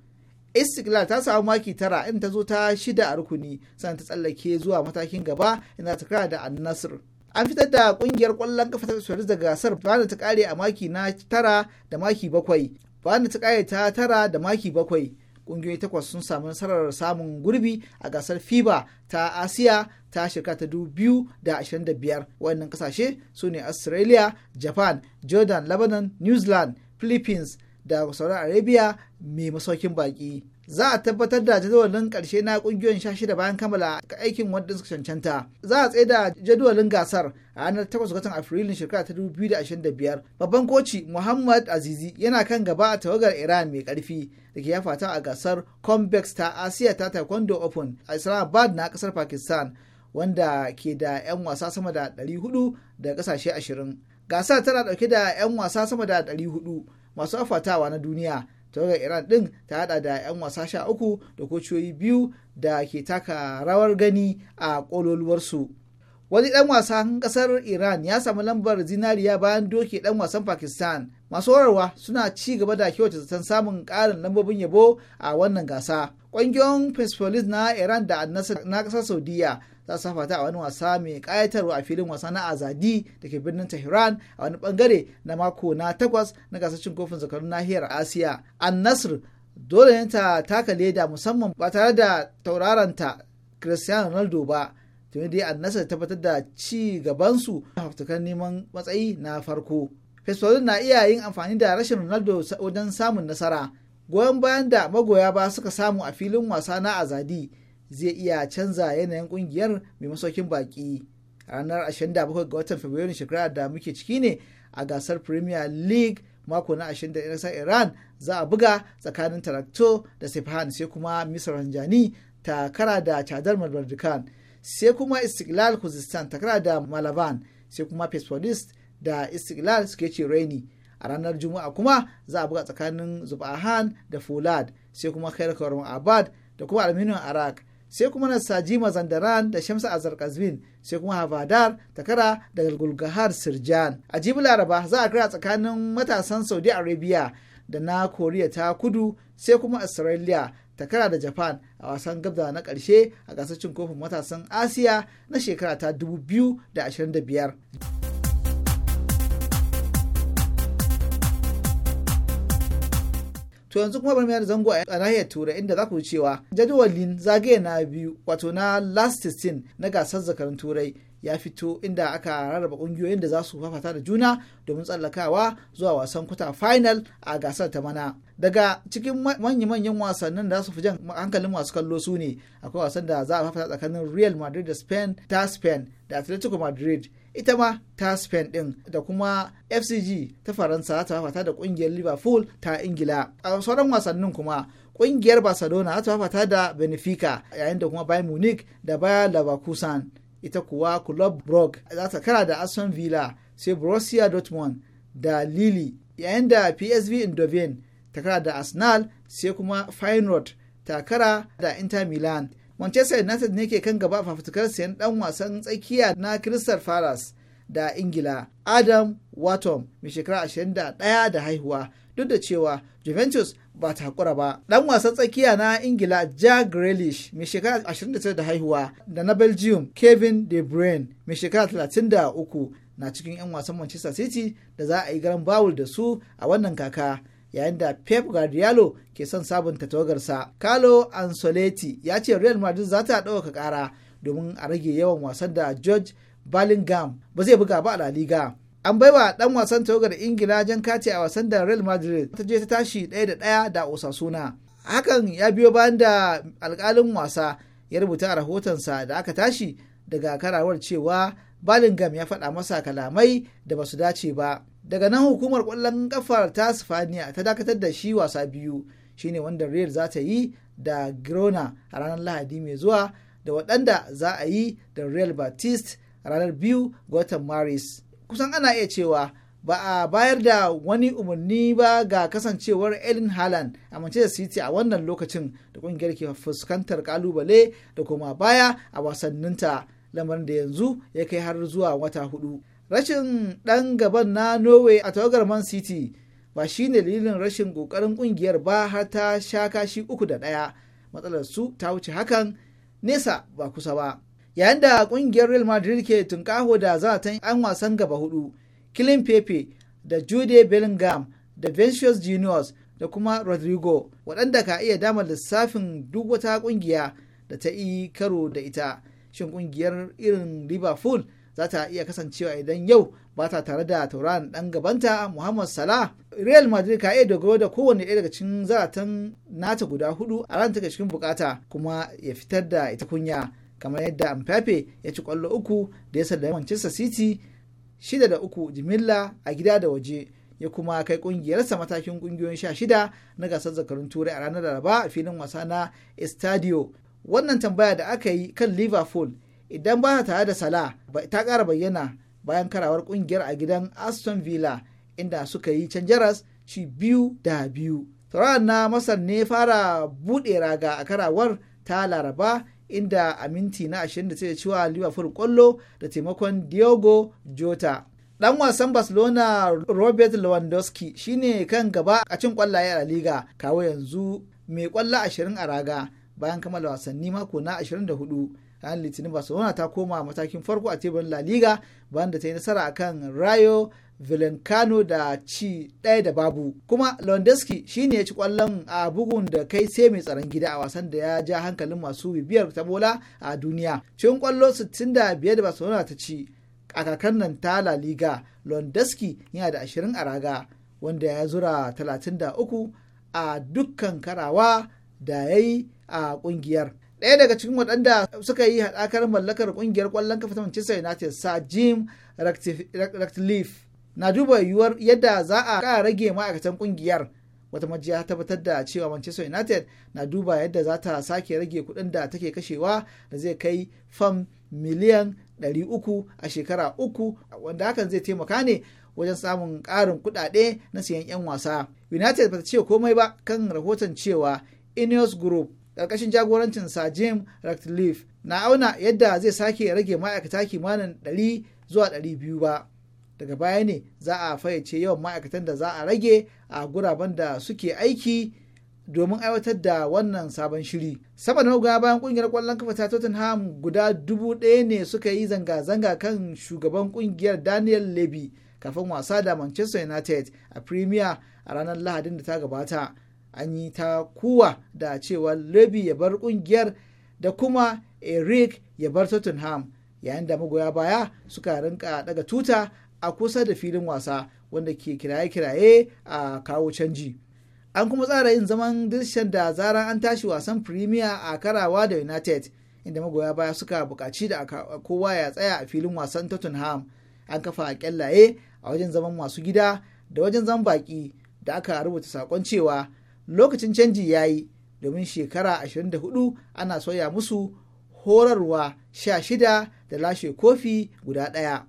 istiklal ta samu maki tara inda ta zo ta shida a rukuni sannan ta tsallake zuwa matakin gaba inda ta kara da annasir an fitar da kungiyar kwallon kafa ta daga gasar bayan ta kare a maki na tara da maki bakwai bani ta ƙare ta tara da maki bakwai ƙungiyoyi takwas sun samu nasarar samun gurbi a gasar fiba ta asiya ta shekara ta biyu da ashirin da biyar waɗannan ƙasashe su ne australia japan jordan lebanon new zealand philippines da saudi arabia mai masaukin baƙi za a tabbatar da jadawalin karshe na kungiyoyin sha shida bayan kammala aikin wanda suka cancanta za a tsaida jadawalin gasar a ranar 8 watan afrilun shekara ta 2025 babban koci muhammad azizi yana kan gaba a tawagar iran mai karfi da ke yafata a gasar convex ta asiya ta taekwondo open a islamabad na kasar pakistan wanda ke da 'yan wasa sama da 400 da kasashe 20 gasar tana dauke da 'yan wasa sama da 400 masu afatawa na duniya tawagar iran din ta hada da 'yan wasa sha uku da kociyoyi biyu da ke taka rawar gani a kololuwarsu wani dan wasan kasar iran ya samu lambar zinariya bayan doke dan wasan pakistan masu horarwa suna ci gaba da kyauta zaton samun karin lambobin yabo a wannan gasa ƙungiyoyin persepolis na iran da na kasar saudiya za su hafata a wani wasa mai kayatarwa a filin wasa na azadi da ke birnin tehran a wani bangare na mako na takwas na gasar cin kofin zakarun nahiyar asiya an nasr dole ne ta taka leda musamman ba tare da tauraranta cristiano ronaldo ba tuni dai an nasar tabbatar da ci gabansu a haftukan neman matsayi na farko fesfalin na iya yin amfani da rashin ronaldo wajen samun nasara goyon bayan da magoya ba suka samu a filin wasa na azadi zai iya canza yanayin kungiyar mai masaukin baki ranar 27 ga watan fabrairu shekara da muke ciki ne a gasar premier league mako na 21 na iran za a buga tsakanin tarakto da sefahan sai kuma misar hanjani kara da chadar malbardikan sai kuma istiklal kuzistan kara da malaban sai kuma persepolis da istiklal suke ce raini a ranar juma'a kuma za a buga tsakanin zubahan da fulad sai kuma khair abad da kuma aluminium arak sai kuma saji mazandaran da Shamsa Azar kazmin sai kuma Havadar Takara da Gulgahar Sirjan. A jibi Laraba za a kira tsakanin matasan Saudi Arabia da na Koriya ta kudu sai kuma Australia takara da Japan a wasan gabda na karshe a gasar cin kofin matasan Asiya na shekara ta 2025. to yanzu kuma bari mu yi zango a nahiyar turai inda za ku cewa jadawalin zagaye na biyu wato na last 16 na gasar zakarun turai ya fito inda aka rarraba kungiyoyin da za su fafata da juna domin tsallakawa zuwa wasan kwata final a gasar ta mana daga cikin manya-manyan wasannin da su fi jan hankalin masu kallo su ne akwai wasan da za a fafata tsakanin real madrid da spain ta spain da atletico madrid ita ma ta spain din da kuma fcg ta faransa ta fata da kungiyar liverpool ta ingila a sauran wasannin kuma kungiyar barcelona ta fata da benfica yayin da kuma bayern munich da bayer leverkusen ita kuwa club brog za ta kara da aston villa sai borussia dortmund da lille yayin da psv eindhoven kara da arsenal sai kuma feyenoord ta kara da inter milan manchester united ne ke kan gaba fafutukar siyan dan wasan tsakiya na crystal palace da ingila adam watom mai shekara 21 da haihuwa duk da cewa juventus ba ta hakura ba Ɗan wasan tsakiya na ingila Jack Grealish mai shekara 29 da haihuwa da na belgium kevin de bruyne mai shekara 33 na cikin 'yan wasan manchester city da za a yi garan bawul da su a wannan kaka yayin da Pep Guardiola ke son sabunta tawagarsa. Carlo Ancelotti ya ce Real Madrid za ta ɗauka ƙara domin a rage yawan wasan da George Bellingham ba zai buga ba a La Liga. An baiwa ɗan wasan tawagar Ingila jan kati a wasan da Real Madrid ta je ta tashi ɗaya da ɗaya da Osasuna. Hakan ya biyo bayan da alƙalin wasa ya rubuta a rahotonsa da aka tashi daga karawar cewa Bellingham ya faɗa masa kalamai da basu dace ba. daga nan hukumar kwallon kafar ta sifaniya ta dakatar da shi wasa biyu shine wanda real za ta yi da girona a ranar lahadi mai zuwa da waɗanda za a yi da real batiste ranar biyu ga watan maris kusan ana iya cewa ba a bayar da wani umarni ba ga kasancewar elin haaland a manchester city a wannan lokacin da kungiyar ke fuskantar kalubale da kuma baya a wasanninta lamarin da yanzu ya kai har zuwa wata hudu rashin ɗan gaban na norway a tawagar man city ba shi ne dalilin rashin ƙoƙarin ƙungiyar ba har ta sha kashi uku da ɗaya matsalar su ta wuce hakan nesa ba kusa ba yayin da ƙungiyar real madrid ke tunƙaho da zanatan 'yan wasan gaba hudu kilin pepe da jude bellingham da Vincius Juniors da kuma Rodrigo waɗanda ka iya dama lissafin duk wata ƙungiya da ta yi karo da ita. Shin ƙungiyar irin Liverpool za ta iya kasancewa idan yau ba ta tare da tauraron dan gabanta Muhammad Salah. Real Madrid ka iya dogaro da kowanne ɗaya daga cikin zaratan nata guda hudu a ran take cikin bukata kuma ya fitar da ita kunya kamar yadda Mbappe ya ci kwallo uku da ya sallama Manchester City shida da uku jimilla a gida da waje ya kuma kai kungiyarsa matakin kungiyoyin sha shida na gasar zakarun turai a ranar laraba a filin wasa na estadio wannan tambaya da aka yi kan liverpool idan ba tare da sala ta ƙara bayyana bayan karawar ƙungiyar a gidan aston villa inda suka yi canjaras jaras ci biyu da biyu tauraron na masar ne fara buɗe raga a karawar ta laraba inda a minti na 26 cewa liverpool kwallo da taimakon diogo jota dan wasan barcelona robert lewandowski shine kan gaba a cin kwallaye a liga kawo yanzu mai kwallo ashirin a raga bayan kammala wasanni mako na hudu. ranar litinin barcelona ta koma matakin farko a teburin la liga bayan da ta yi nasara akan rayo Vilencano da ci ɗaya da babu kuma londeski shine ya ci kwallon a bugun da kai sai mai tsaron gida a wasan da ya ja hankalin masu bibiyar ta bola a duniya cikin kwallo 65 da Barcelona ta ci a kakar nan ta La Liga londeski yana da 20 a raga wanda ya zura 33 a dukkan karawa da ya yi a kungiyar ɗaya daga cikin waɗanda suka yi haɗakar mallakar ƙungiyar ƙwallon kafa ta Manchester United sa Jim Ratcliffe na duba yiwuwar yadda za a ƙara rage ma'aikatan ƙungiyar wata majiya ta tabbatar da cewa Manchester United na duba yadda za ta sake rage kuɗin da take kashewa da zai kai fam miliyan 300 a shekara uku wanda hakan zai taimaka ne wajen samun ƙarin kuɗaɗe na siyan 'yan wasa. United ba ta ce komai ba kan rahoton cewa Ineos Group ƙarƙashin jagorancin sa Jim Ratcliffe na auna yadda zai sake rage ma'aikata kimanin 100 zuwa 200 ba. Daga baya ne za a fayyace yawan ma'aikatan da za a rage a guraben da suke aiki domin aiwatar da wannan sabon shiri. Sama da magoya bayan ƙungiyar ƙwallon kafa ta Tottenham guda dubu ɗaya ne suka yi zanga-zanga kan shugaban ƙungiyar Daniel Levy kafin wasa da Manchester United a Premier a ranar Lahadin da ta gabata. an yi ta kuwa da cewa Levy ya bar kungiyar da kuma Eric ya bar Tottenham yayin da magoya baya suka rinka daga tuta a kusa da filin wasa wanda ke kiraye-kiraye a kawo canji. An kuma tsara yin zaman dirshan da zaran an tashi wasan Premier a karawa da United inda magoya baya suka bukaci da kowa ya tsaya a filin wasan Tottenham. An kafa kyallaye a wajen zaman masu gida da wajen zan baƙi da aka rubuta saƙon cewa lokacin canji ya yi domin shekara 24 ana soya musu horarwa 16 da lashe kofi guda ɗaya.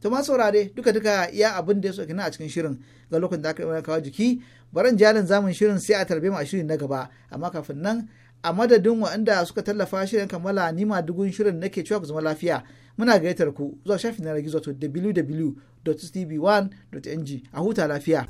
Tuma saurare duka duka iya abin da ya soke a cikin shirin ga lokacin da aka yi kawo jiki baran jalin zamun shirin sai a tarbe mu a shirin na gaba amma kafin nan a madadin waɗanda suka tallafa shirin kammala nima dugun shirin nake cewa ku zama lafiya muna gayyatar ku zuwa shafin na gizo to www.tv1.ng a huta lafiya.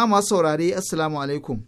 jama'a masu saurare assalamu alaikum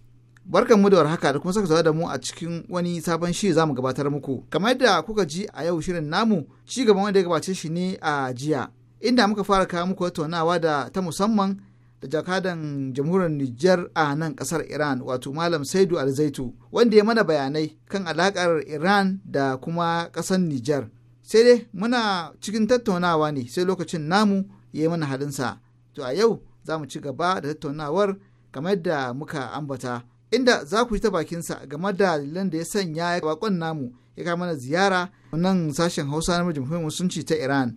barkan mu da warhaka da kuma saka da mu a cikin wani sabon shi zamu gabatar muku kamar yadda kuka ji a yau shirin namu ci gaban wanda ya gabace shi ne a jiya inda muka fara kawo muku tattaunawa da ta musamman da jakadan jamhuriyar Nijar a nan kasar Iran wato Malam Saidu Alzaitu wanda ya mana bayanai kan alakar Iran da kuma kasar Nijar sai dai muna cikin tattaunawa ne sai lokacin namu ya yi mana halinsa to a yau za mu ci gaba da tattaunawar kamar da muka ambata inda za ku ji ta bakinsa game da dalilan da ya sanya ya bakon namu ya kama mana ziyara nan sashen hausa na jamhuriyar musulunci ta iran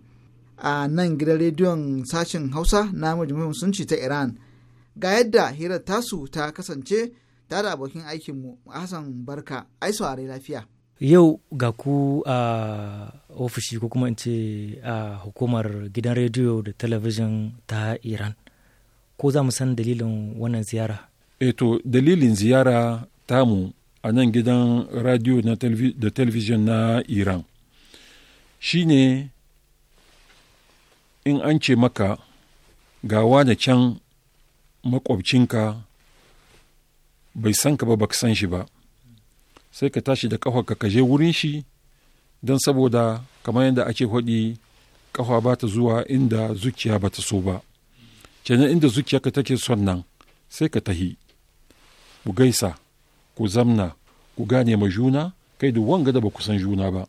a nan gidan rediyon sashen hausa na jamhuriyar musulunci ta iran ga yadda hirar tasu ta kasance ta da abokin aikinmu hassan barka ai saurari lafiya yau ga ku a ofishi ko kuma in ce a hukumar gidan rediyo da talabijin ta iran ko za mu san dalilin wannan ziyara eto eh dalilin ziyara tamu a nan gidan radio da television na iran shi ne in an ce maka gawa da can makwabcinka bai san ka ba ba san shi ba sai ka tashi da ƙafa ka je wurin shi don saboda kamar yadda ake hwaɗi ƙafa ba ta zuwa inda zuciya ba ta so ba kenan inda zuciyarka take son nan sai ka tahi ku gaisa ku zamna ku gane mu juna kai da wanga da ba ku san juna ba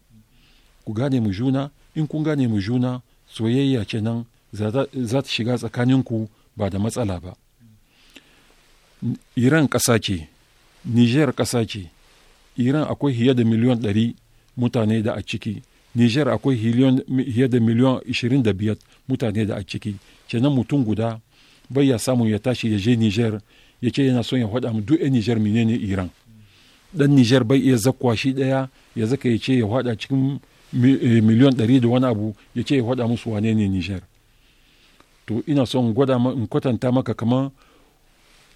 ku gane mu juna in kun gane mu juna soyayya kenan za ta shiga tsakaninku ba da matsala ba iran ƙasa ce niger ƙasa ce iran akwai hiye da miliyan ɗari mutane da a ciki niger akwai hiye da miliyan 25 mutane da a ciki kenan mutum guda bai ya samu ya tashi ya je Niger ya ce yana son ya faɗa mu duk 'yan Niger menene Iran dan Niger bai iya zakwa shi ɗaya ya zaka ya ce ya faɗa cikin eh, miliyon ɗari da wani abu ya ce ya faɗa musu wane ne Niger to ina son gwada in kwatanta maka kamar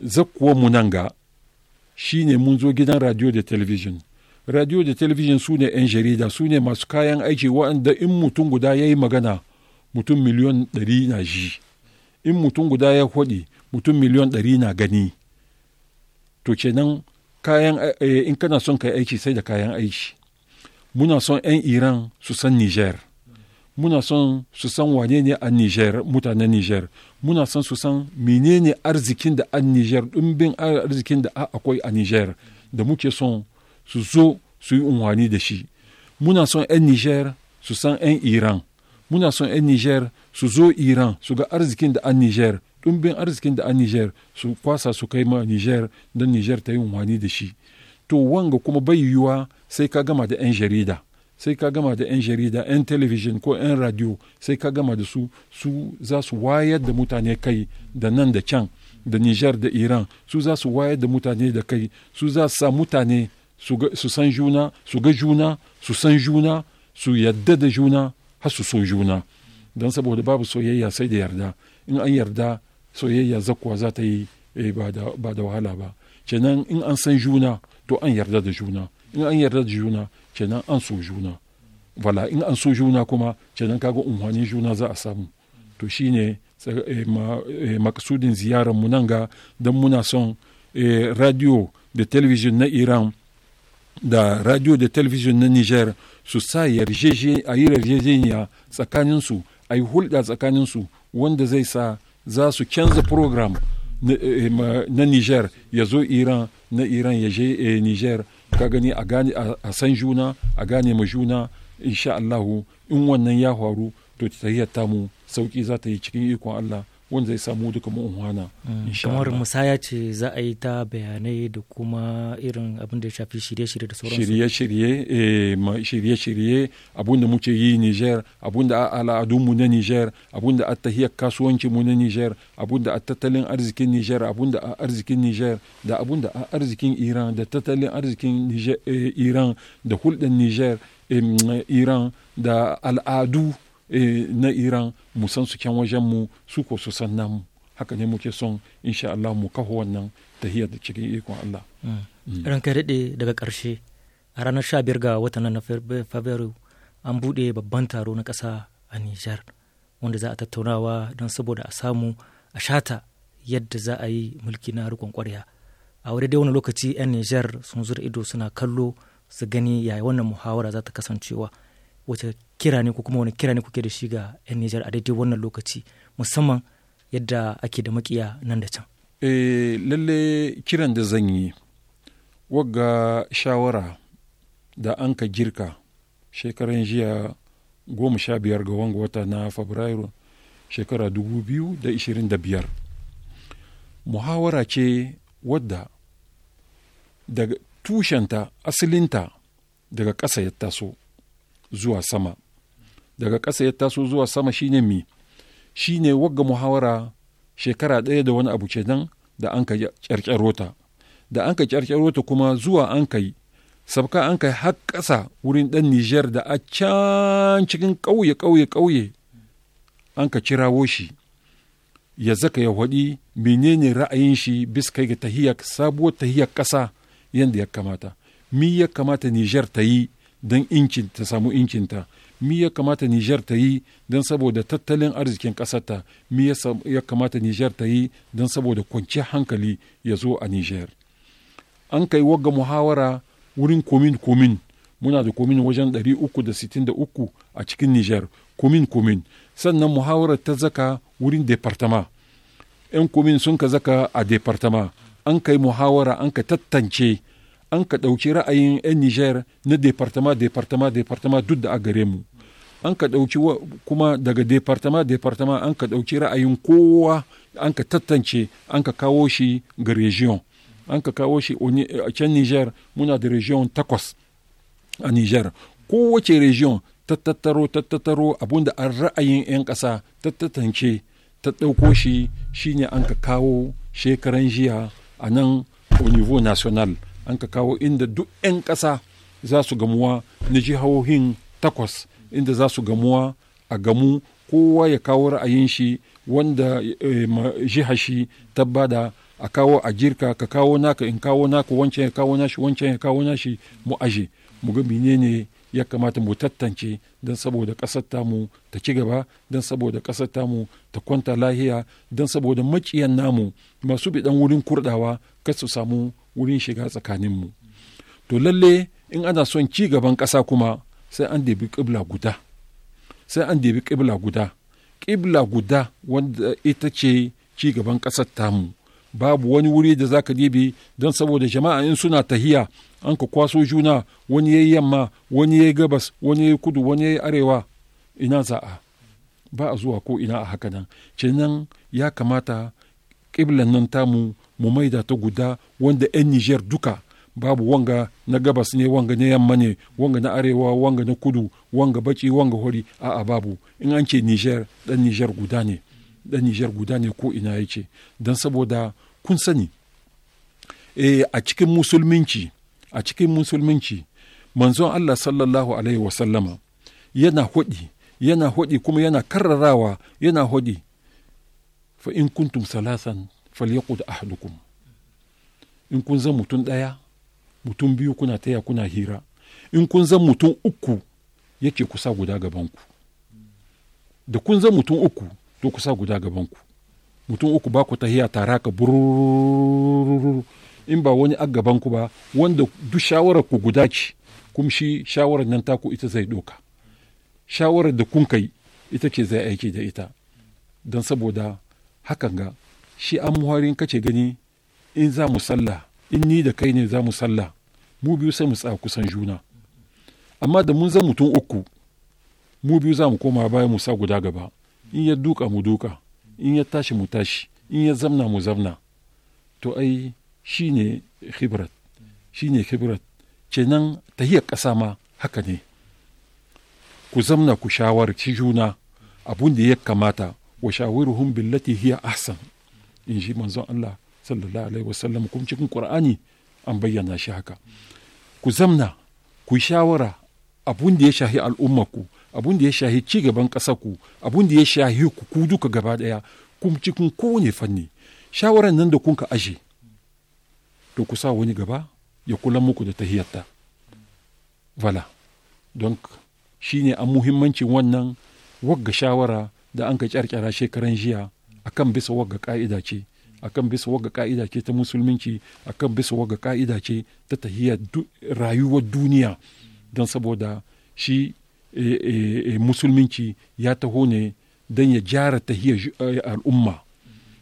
zakkuwar mu nan ga shine mun zo gidan radio da television radio da television su ne 'yan jarida su ne masu kayan aiki waɗanda in mutum guda ya yi magana mutum miliyon ɗari na ji in mutum guda ya hwaɗi mutum miliyon ɗari na gani to kenan kayan eh, in kana son ka aiki sai da kayan aiki muna son 'yan iran su san niger muna son su san wane ne a niger mutanen niger muna son su san menene arzikin da a niger ɗumbin arzikin da akwai a niger da muke son su zo su yi unwani da shi muna son 'yan niger su san 'yan iran muna son 'yan niger su zo iran su ga arzikin da an niger ɗumbin arzikin da an niger su kwasa su kai ma niger don niger ta yi wani da shi to wanga kuma bai yiwuwa sai ka gama da 'yan jarida sai ka gama da 'yan jarida 'yan television ko 'yan radio sai ka gama da su su za su wayar da mutane kai da nan da can da niger da iran su za su wayar da mutane da kai su za su sa mutane su san juna su ga juna su san juna su yadda da juna har su so juna don saboda babu soyayya sai da yarda in an yarda soyayya zakuwa za ta yi eh, ba da wahala ba kenan in an san juna to an yarda da juna in an yarda da juna kenan an so juna wala in an so juna kuma kenan kaga unhwanin juna za a samu to shine eh, eh, makasudin ziyarar mu nan ga don muna son radio da television na iran da radio da television na niger su sa yarjeje a yi yarjejeniya tsakaninsu a yi hulɗa tsakaninsu wanda zai sa za su canza program na eh, niger ya zo iran na iran ya je eh, niger ka gani a san juna a gane ma juna insha allahu in wannan ya faru to ta tamu sauki za ta yi cikin ikon allah wanda zai samu duka ma'unwana kamar mm, musaya ce za a yi ta bayanai da kuma irin abin da ya shafi shirye-shirye da sauransu shirye-shirye eh, shirye-shirye abin da muke yi niger abin da al'adunmu na niger abin da attahiyar mu na niger abin da tattalin arzikin niger abin da arzikin niger da abin da arzikin iran da tattalin arzikin eh, iran da hulɗar niger eh, iran da al'adu E, na iran mu san su kyan wajen mu su ko su san namu haka ne muke son insha Allah mu kaho wannan tahiyar da cikin ikon Allah. Eh. Mm. kai daɗe daga ƙarshe a ranar sha biyar ga watan na Fabrairu an buɗe babban taro na ƙasa a Nijar wanda za a tattaunawa don saboda a samu a shata yadda za a yi mulki na riƙon ƙwarya. A wani dai wani lokaci 'yan Nijar sun zura ido suna kallo su gani yaya wannan muhawara za ta kasancewa. wace kira ne ko kuma wani kira ne kuke da shi ga 'yan Nijar a daidai wannan lokaci musamman yadda ake da makiya nan da can. E, lalle kiran da zan yi wagga shawara da an ka girka shekaran jiya goma sha biyar ga wanga wata na fabrairu shekara dubu biyu da ishirin da biyar muhawara ce wadda daga tushenta asalinta daga ƙasa ya taso zuwa sama daga ƙasa ya taso zuwa sama shine mi shine wagga muhawara shekara ɗaya da wani abu ce nan da an ka ƙyarƙyaro ta da an ka ƙyarƙyaro ta kuma zuwa an kai sabka an kai har ƙasa wurin ɗan Nijar da a can cikin ƙauye ƙauye ƙauye an ka kirawo shi ya zaka ya waɗi menene ra'ayin shi biskai ga tahiyar sabuwar tahiyar ƙasa yadda ya kamata mi ya kamata Nijar ta yi don inkin ta samu inkinta mi ya kamata Nijar ta yi don saboda tattalin arzikin ƙasarta mi ya kamata Nijar ta yi don saboda kwanciyar hankali ya zo a Nijar an kai wagga muhawara wurin komin komin muna da komin wajen 363 a cikin Nijar komin komin sannan muhawara ta zaka wurin departama 'yan komin sun ka zaka a departama an kai muhawara an ka tattance an ka ɗauki ra'ayin 'yan Nijar na departama departama departama duk da a gare mu an ka ɗauki kuma daga departama departama an ka ɗauki ra'ayin kowa an ka tattance an ka kawo shi ga region an ka kawo shi a can Nijar muna da region takwas a nijar kowace region ta tattaro ta tattaro abinda an ra'ayin 'yan ƙasa ta tattance ta ɗauko shi shine an ka kawo shekaran jiya a nan au niveau national an ka kawo inda duk 'yan ƙasa za su gamuwa na jihohin takwas inda za su gamuwa a gamu kowa ya kawo ra'ayin shi wanda eh, jiha shi ta bada a kawo a jirka ka kawo naka in kawo naka wancan ya kawo nashi wancan ya kawo nashi mu aje mu ga menene ya kamata mu tattance don saboda ƙasar tamu ta ci gaba don saboda ƙasar tamu ta kwanta lahiya don saboda maciyan namu masu bidan wurin kurdawa kar su samu wurin shiga tsakaninmu to lalle in ana son ci gaban ƙasa kuma sai an debi ƙibla guda sai an debi ƙibla guda ƙibla guda wanda ita ce ci gaban ƙasar tamu babu wani wuri da zaka dibi don saboda jama'a in suna tahiya an ka kwaso juna wani yayi yamma wani yayi gabas wani yayi kudu wani yayi arewa ina za'a ba a zuwa ko ina a haka nan kenan ya kamata ƙiblan nan tamu mu maida ta guda wanda 'yan Nijar duka babu wanga na gabas ne wanga na yamma ne wanga na arewa wanga na kudu wanga baki wanga hori a'a babu in an ce Nijar dan Nijar guda ne dan Nijar guda ne ko ina yake dan saboda kun sani eh a cikin musulminci a cikin musulminci manzon Allah sallallahu alaihi sallama yana hodi yana hodi kuma yana karrarawa yana hodi fa in kuntum salasan falyaqud ahadukum in kun zan mutum ɗaya mutum biyu kuna taya kuna hira in kun zan mutum uku yake kusa guda gabanku da kun zan mutum uku to kusa guda gabanku mutum uku ba ku tahiya tara ka in ba wani a gabanku ba wanda duk shawarar ku guda ce kumshi shi shawarar nan taku ita zai ɗauka shawarar da kun kai ita ce zai aiki da ita don saboda hakan ga shi an muharin kace gani in za mu sallah in ni da kai ne za mu sallah mu biyu sai mu tsaya kusan juna amma da mun zan mutum uku mu biyu za mu koma baya mu sa guda gaba in ya duka mu duka in ya tashi mu tashi in ya zamna mu zamna to ai shi ne hibrat shi ne khibrat kenan tahiyar ƙasa ma haka ne ku zamna ku shawarci juna abun da ya kamata wa shawiruhum billati hiya ahsan in shi manzon Allah sallallahu alaihi wasallam kuma cikin Qur'ani an bayyana shi haka ku zamna ku shawara abun da ya shahi al'ummarku abun da ya shahi ci gaban ku abun da ya shahi ku ku duka gaba daya kuma cikin kowane fanni shawaran nan da kun ka aje to ku sa wani gaba ya kula muku da tahiyyarta vala don shine a muhimmancin wannan wagga shawara da an ka kyarkyara shekaran jiya akan bisa wagga ka'ida ce akan bisa wagga ka'ida ce ta musulminci akan bisa wagga ka'ida ce ta tahiyar rayuwar duniya don saboda shi eh, eh, eh, musulminci ya taho ne don ya jara tahiyar al'umma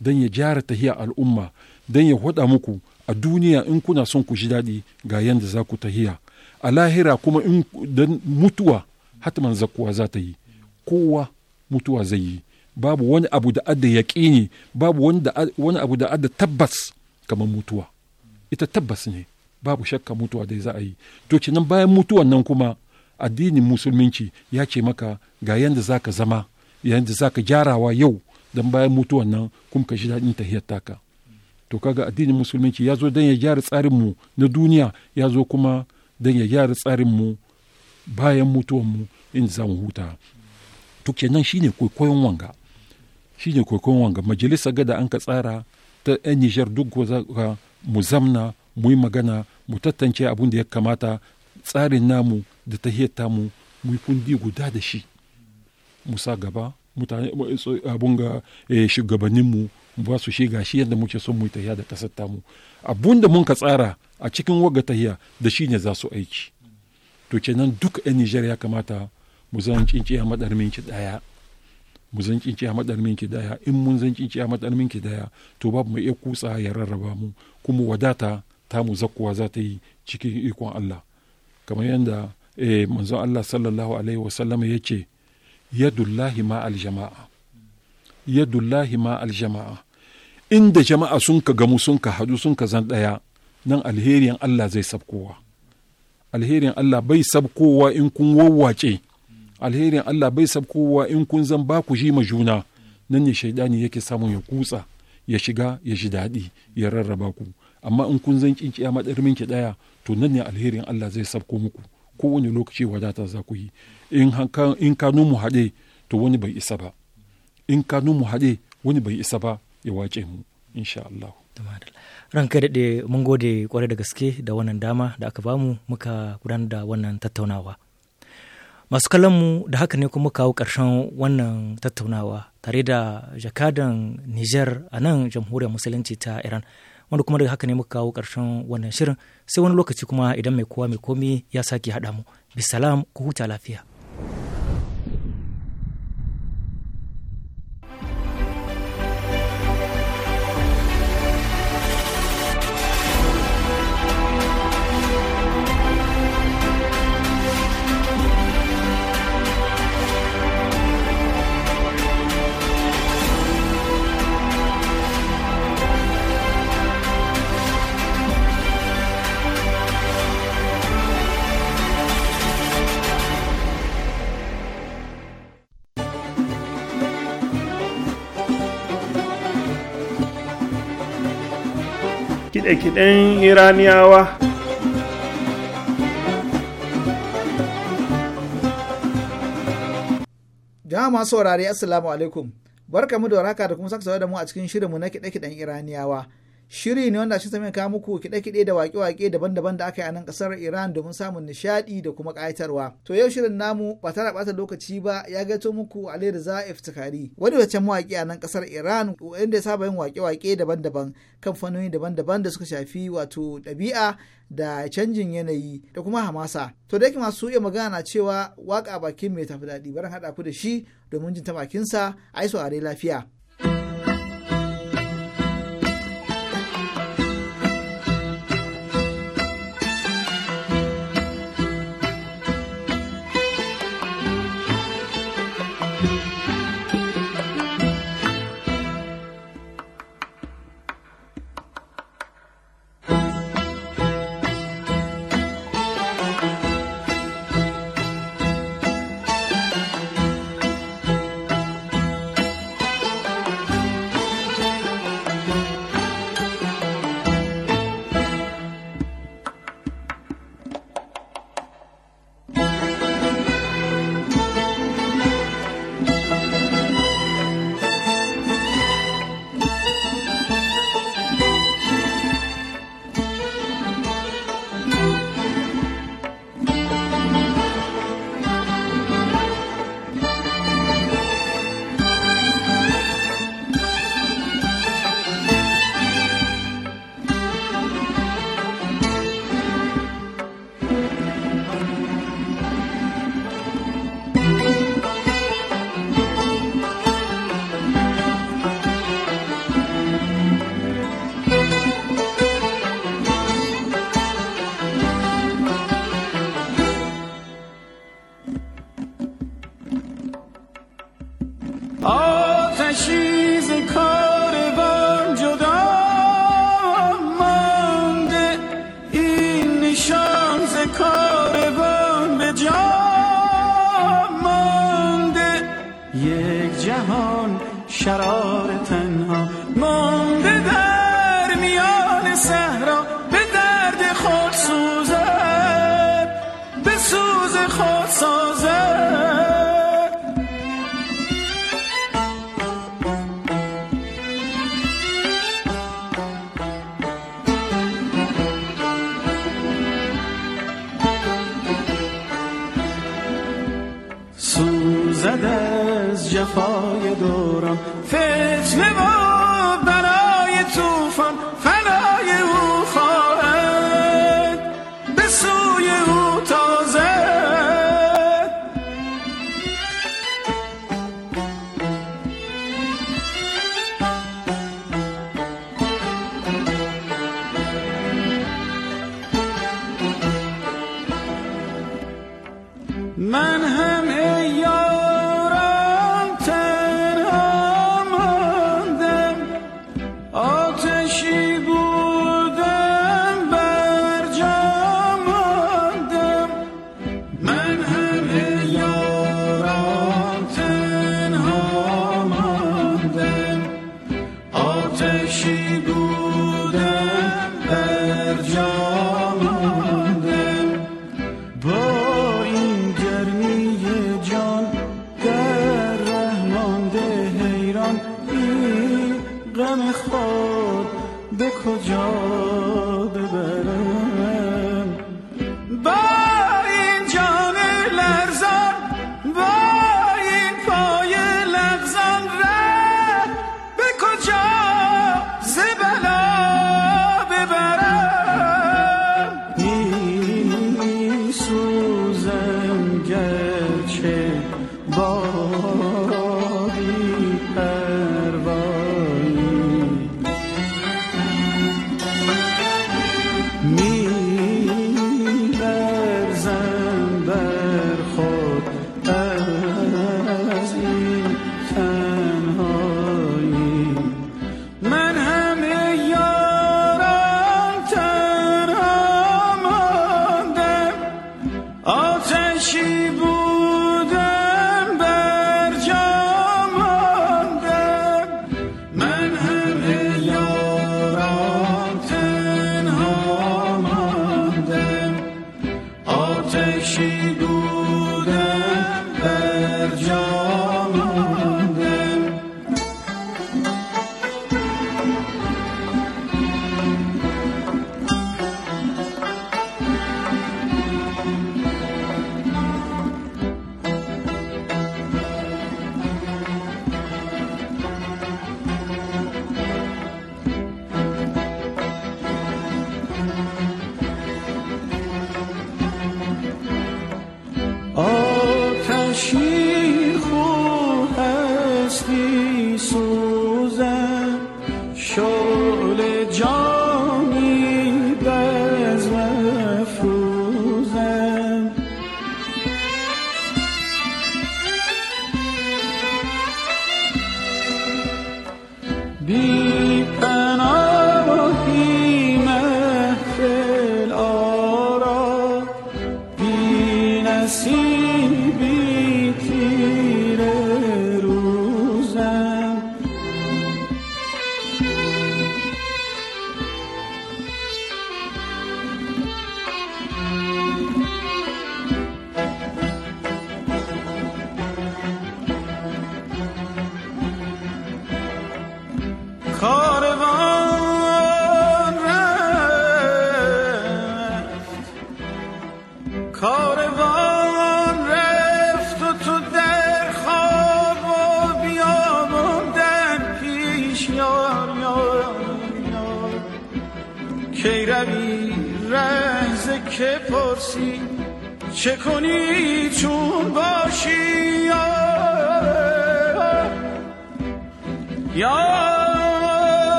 don ya jara tahiyar al'umma don ya hada muku a duniya in kuna son ku ji daɗi ga yadda za ku tahiya a lahira kuma in don mutuwa hatman zakuwa za ta yi kowa mutuwa zai yi babu wani abu da adda ƙini babu wani abu da adda tabbas kamar mutuwa ita tabbas ne babu shakka mutuwa da za a yi to kenan bayan mutuwan nan kuma addinin musulminci ya ce maka ga yanda za ka zama yanda za ka gyarawa yau don bayan mutuwan nan kuma ka shi daɗin tahiyar taka to kaga addinin musulminci ya zo don ya gyara tsarinmu na duniya ya zo kuma don ya gyara mu bayan mutuwanmu in za mu huta to kenan shine kwaikwayon wanga shine kokon wanga majalisa gada an ka tsara ta yan nijar duk ga mu zamna mu yi magana mu tattance abun da ya kamata tsarin namu da ta hiyata mu mu yi kundi guda da shi musa gaba mutane abun ga eh, shugabanninmu ba su shiga shi yadda muke son mu yi tahiya da kasar tamu abun da mun ka tsara a cikin waga tahiya da shi ne za su aiki to kenan duk yan nijar ya kamata mu zan cinciya ki daya mu zan kinciya madarmin daya in mun zan kinciya madarmin daya to babu mai iya kutsa ya rarraba mu kuma wadata ta mu zakkuwa za ta yi cikin ikon Allah kamar yadda eh, manzon Allah sallallahu alaihi wasallam ya ce yadullahi ma aljama'a yadullahi ma aljama'a inda jama'a sun ka gamu sun ka hadu sun ka zan daya nan alherin Allah zai sabkowa alherin Allah bai sabkowa in kun wawwace alherin Allah bai sabkowa in kun zan ba ku ma juna nan ne shaidani yake samun ya kutsa ya shiga ya ji daɗi ya rarraba ku amma in kun zan ya madarmin ki daya to nan ne alherin Allah zai sabko muku kowane lokaci wadata za ku yi in kanu mu haɗe to wani bai isa ba in kanu mu haɗe wani bai isa ba ya wace mu insha Allah kai daɗe mun gode kwarai da gaske da wannan dama da aka bamu muka gudanar da wannan tattaunawa masu mu da haka ne kuma kawo ƙarshen wannan tattaunawa tare da jakadan niger a nan jamhuriyar musulunci ta iran wanda kuma daga haka ne muka kawo ƙarshen wannan shirin sai wani lokaci kuma idan mai kowa mai komi ya sake haɗa mu bisalam ku huta lafiya kide-kiden iraniyawa jama'a masu saurare assalamu alaikum barkamu da waraka da kuma saka da mu a cikin shirinmu na kide-kiden iraniyawa shiri ne wanda shi zama kawo muku kiɗe-kiɗe da waƙe-waƙe daban-daban da aka yi a nan ƙasar Iran domin samun nishaɗi da kuma ƙayatarwa. To yau shirin namu ba tara ɓata lokaci ba ya gaito muku Ali Rza Iftikhari wani wacce mawaƙi a nan ƙasar Iran wanda ya saba yin waƙe-waƙe daban-daban kan fannoni daban-daban da suka shafi wato ɗabi'a da canjin yanayi da kuma hamasa. To da yake masu iya magana na cewa waƙa bakin mai tafi daɗi barin haɗa ku da shi domin jin ta bakinsa a yi saurare lafiya.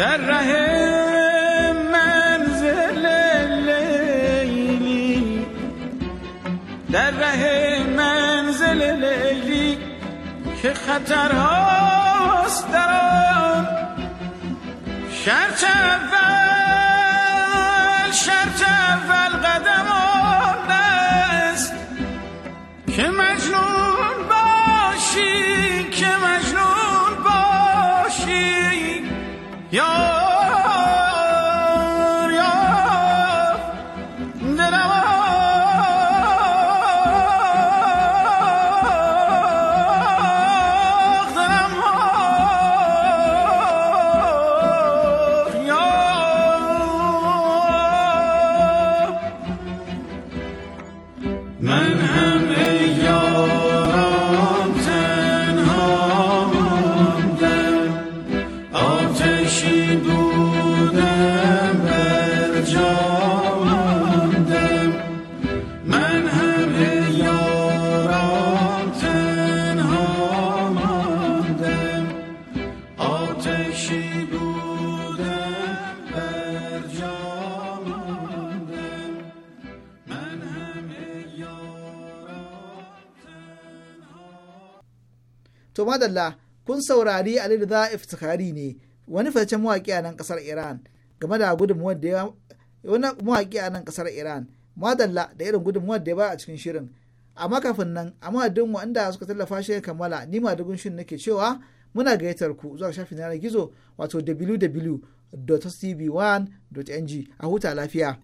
در ره منزل لیلی در ره منزل لیلی که خطرهاست در آن شرط madalla kun saurari Ali da Iftikhari ne wani fitaccen mawaƙi a nan ƙasar Iran game da gudunmuwar da ya wani mawaƙi a nan ƙasar Iran madalla da irin gudunmuwar da ya ba a cikin shirin amma kafin nan a madadin wanda suka tallafa shi ya kammala ni ma dugun shirin nake cewa muna gayyatar ku zuwa shafin yanar gizo wato www.tv1.ng a huta lafiya.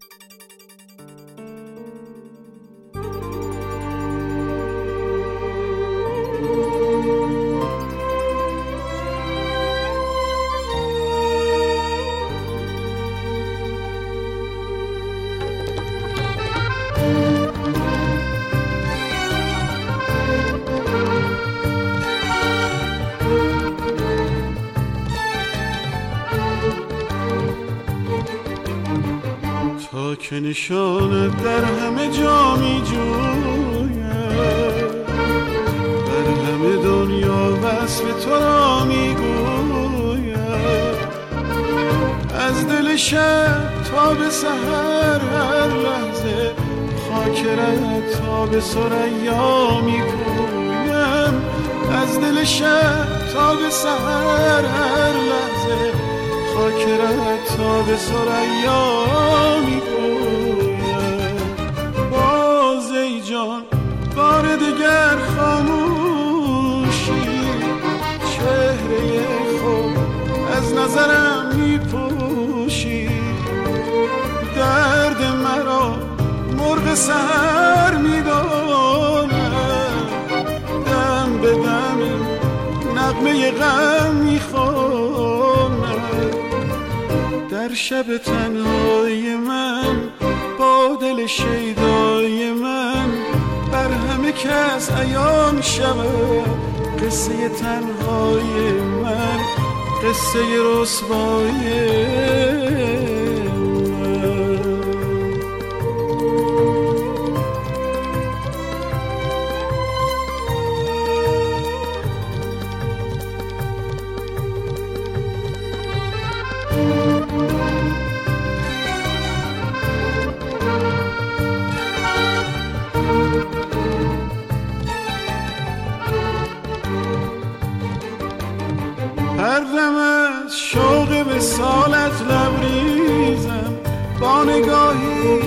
نشانت در همه جا می جوید در همه دنیا وصف تو را می از دل شب تا به سحر هر لحظه خاکرت تا به سریا می گویم از دل شب تا به سحر هر لحظه خاکرت تا به سریا می گویم بار دیگر خاموشی چهره خوب از نظرم میپوشی درد مرا مرغ سهر میدانم دم به دم نقمه غم میخوانم در شب تنهای من با دل شیدای کس ایان شب قصه تنهای من قصه رسوایی سالت لبریزم با نگاهی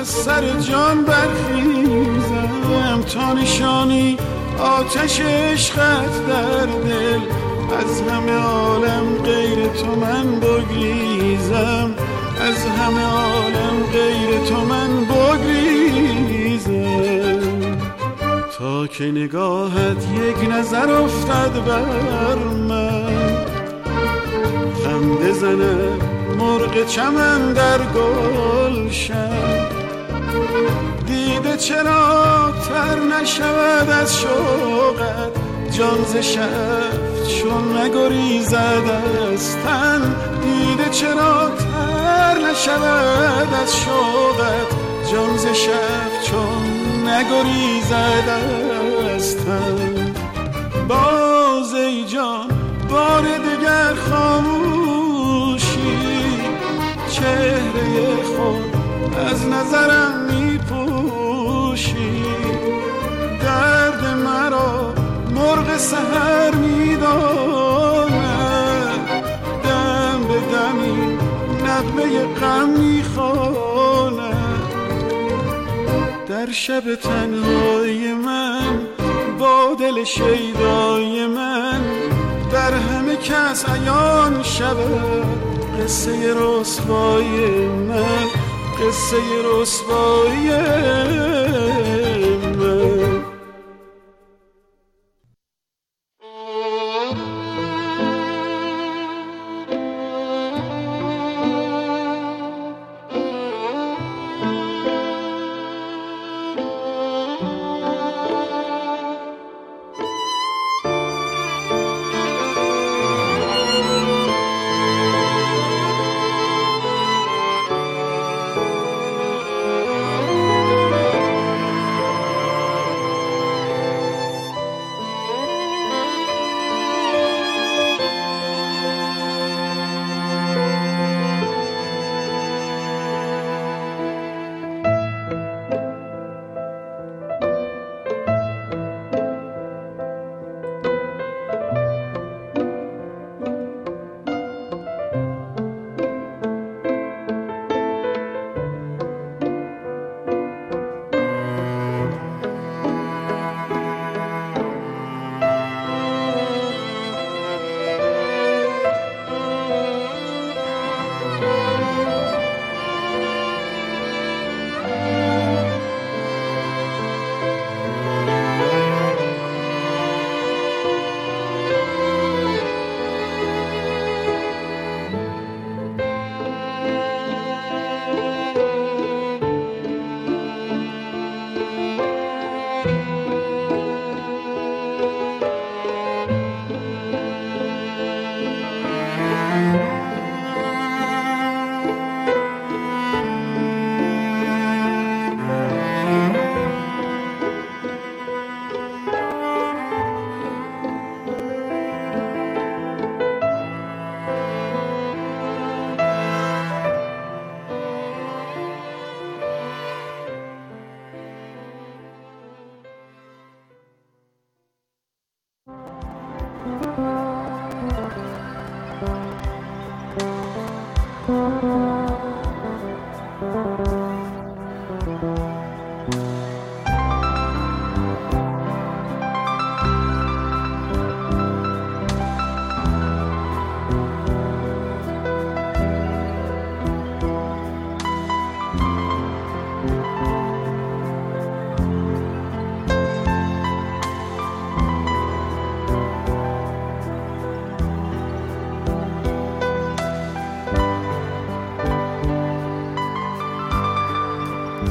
از سر جان برخیزم تا نشانی آتش عشقت در دل از همه عالم غیر تو من بگریزم از همه عالم غیر تو من بگریزم تا که نگاهت یک نظر افتد بر خنده زنه مرغ چمن در گل گلشن دیده چرا تر نشود از شوقت جانز شفت چون نگوری از تن دیده چرا تر نشود از شوقت جانز شفت چون نگوری از تن باز ای جان بار دیگر خاموش چهره خود از نظرم میپوشی درد مرا مرغ سهر میداند دم به دمی نقمه غم میخواند در شب تنهای من با دل شیدای من در همه کس عیان شود قصه رسوایی من قصه رسوایی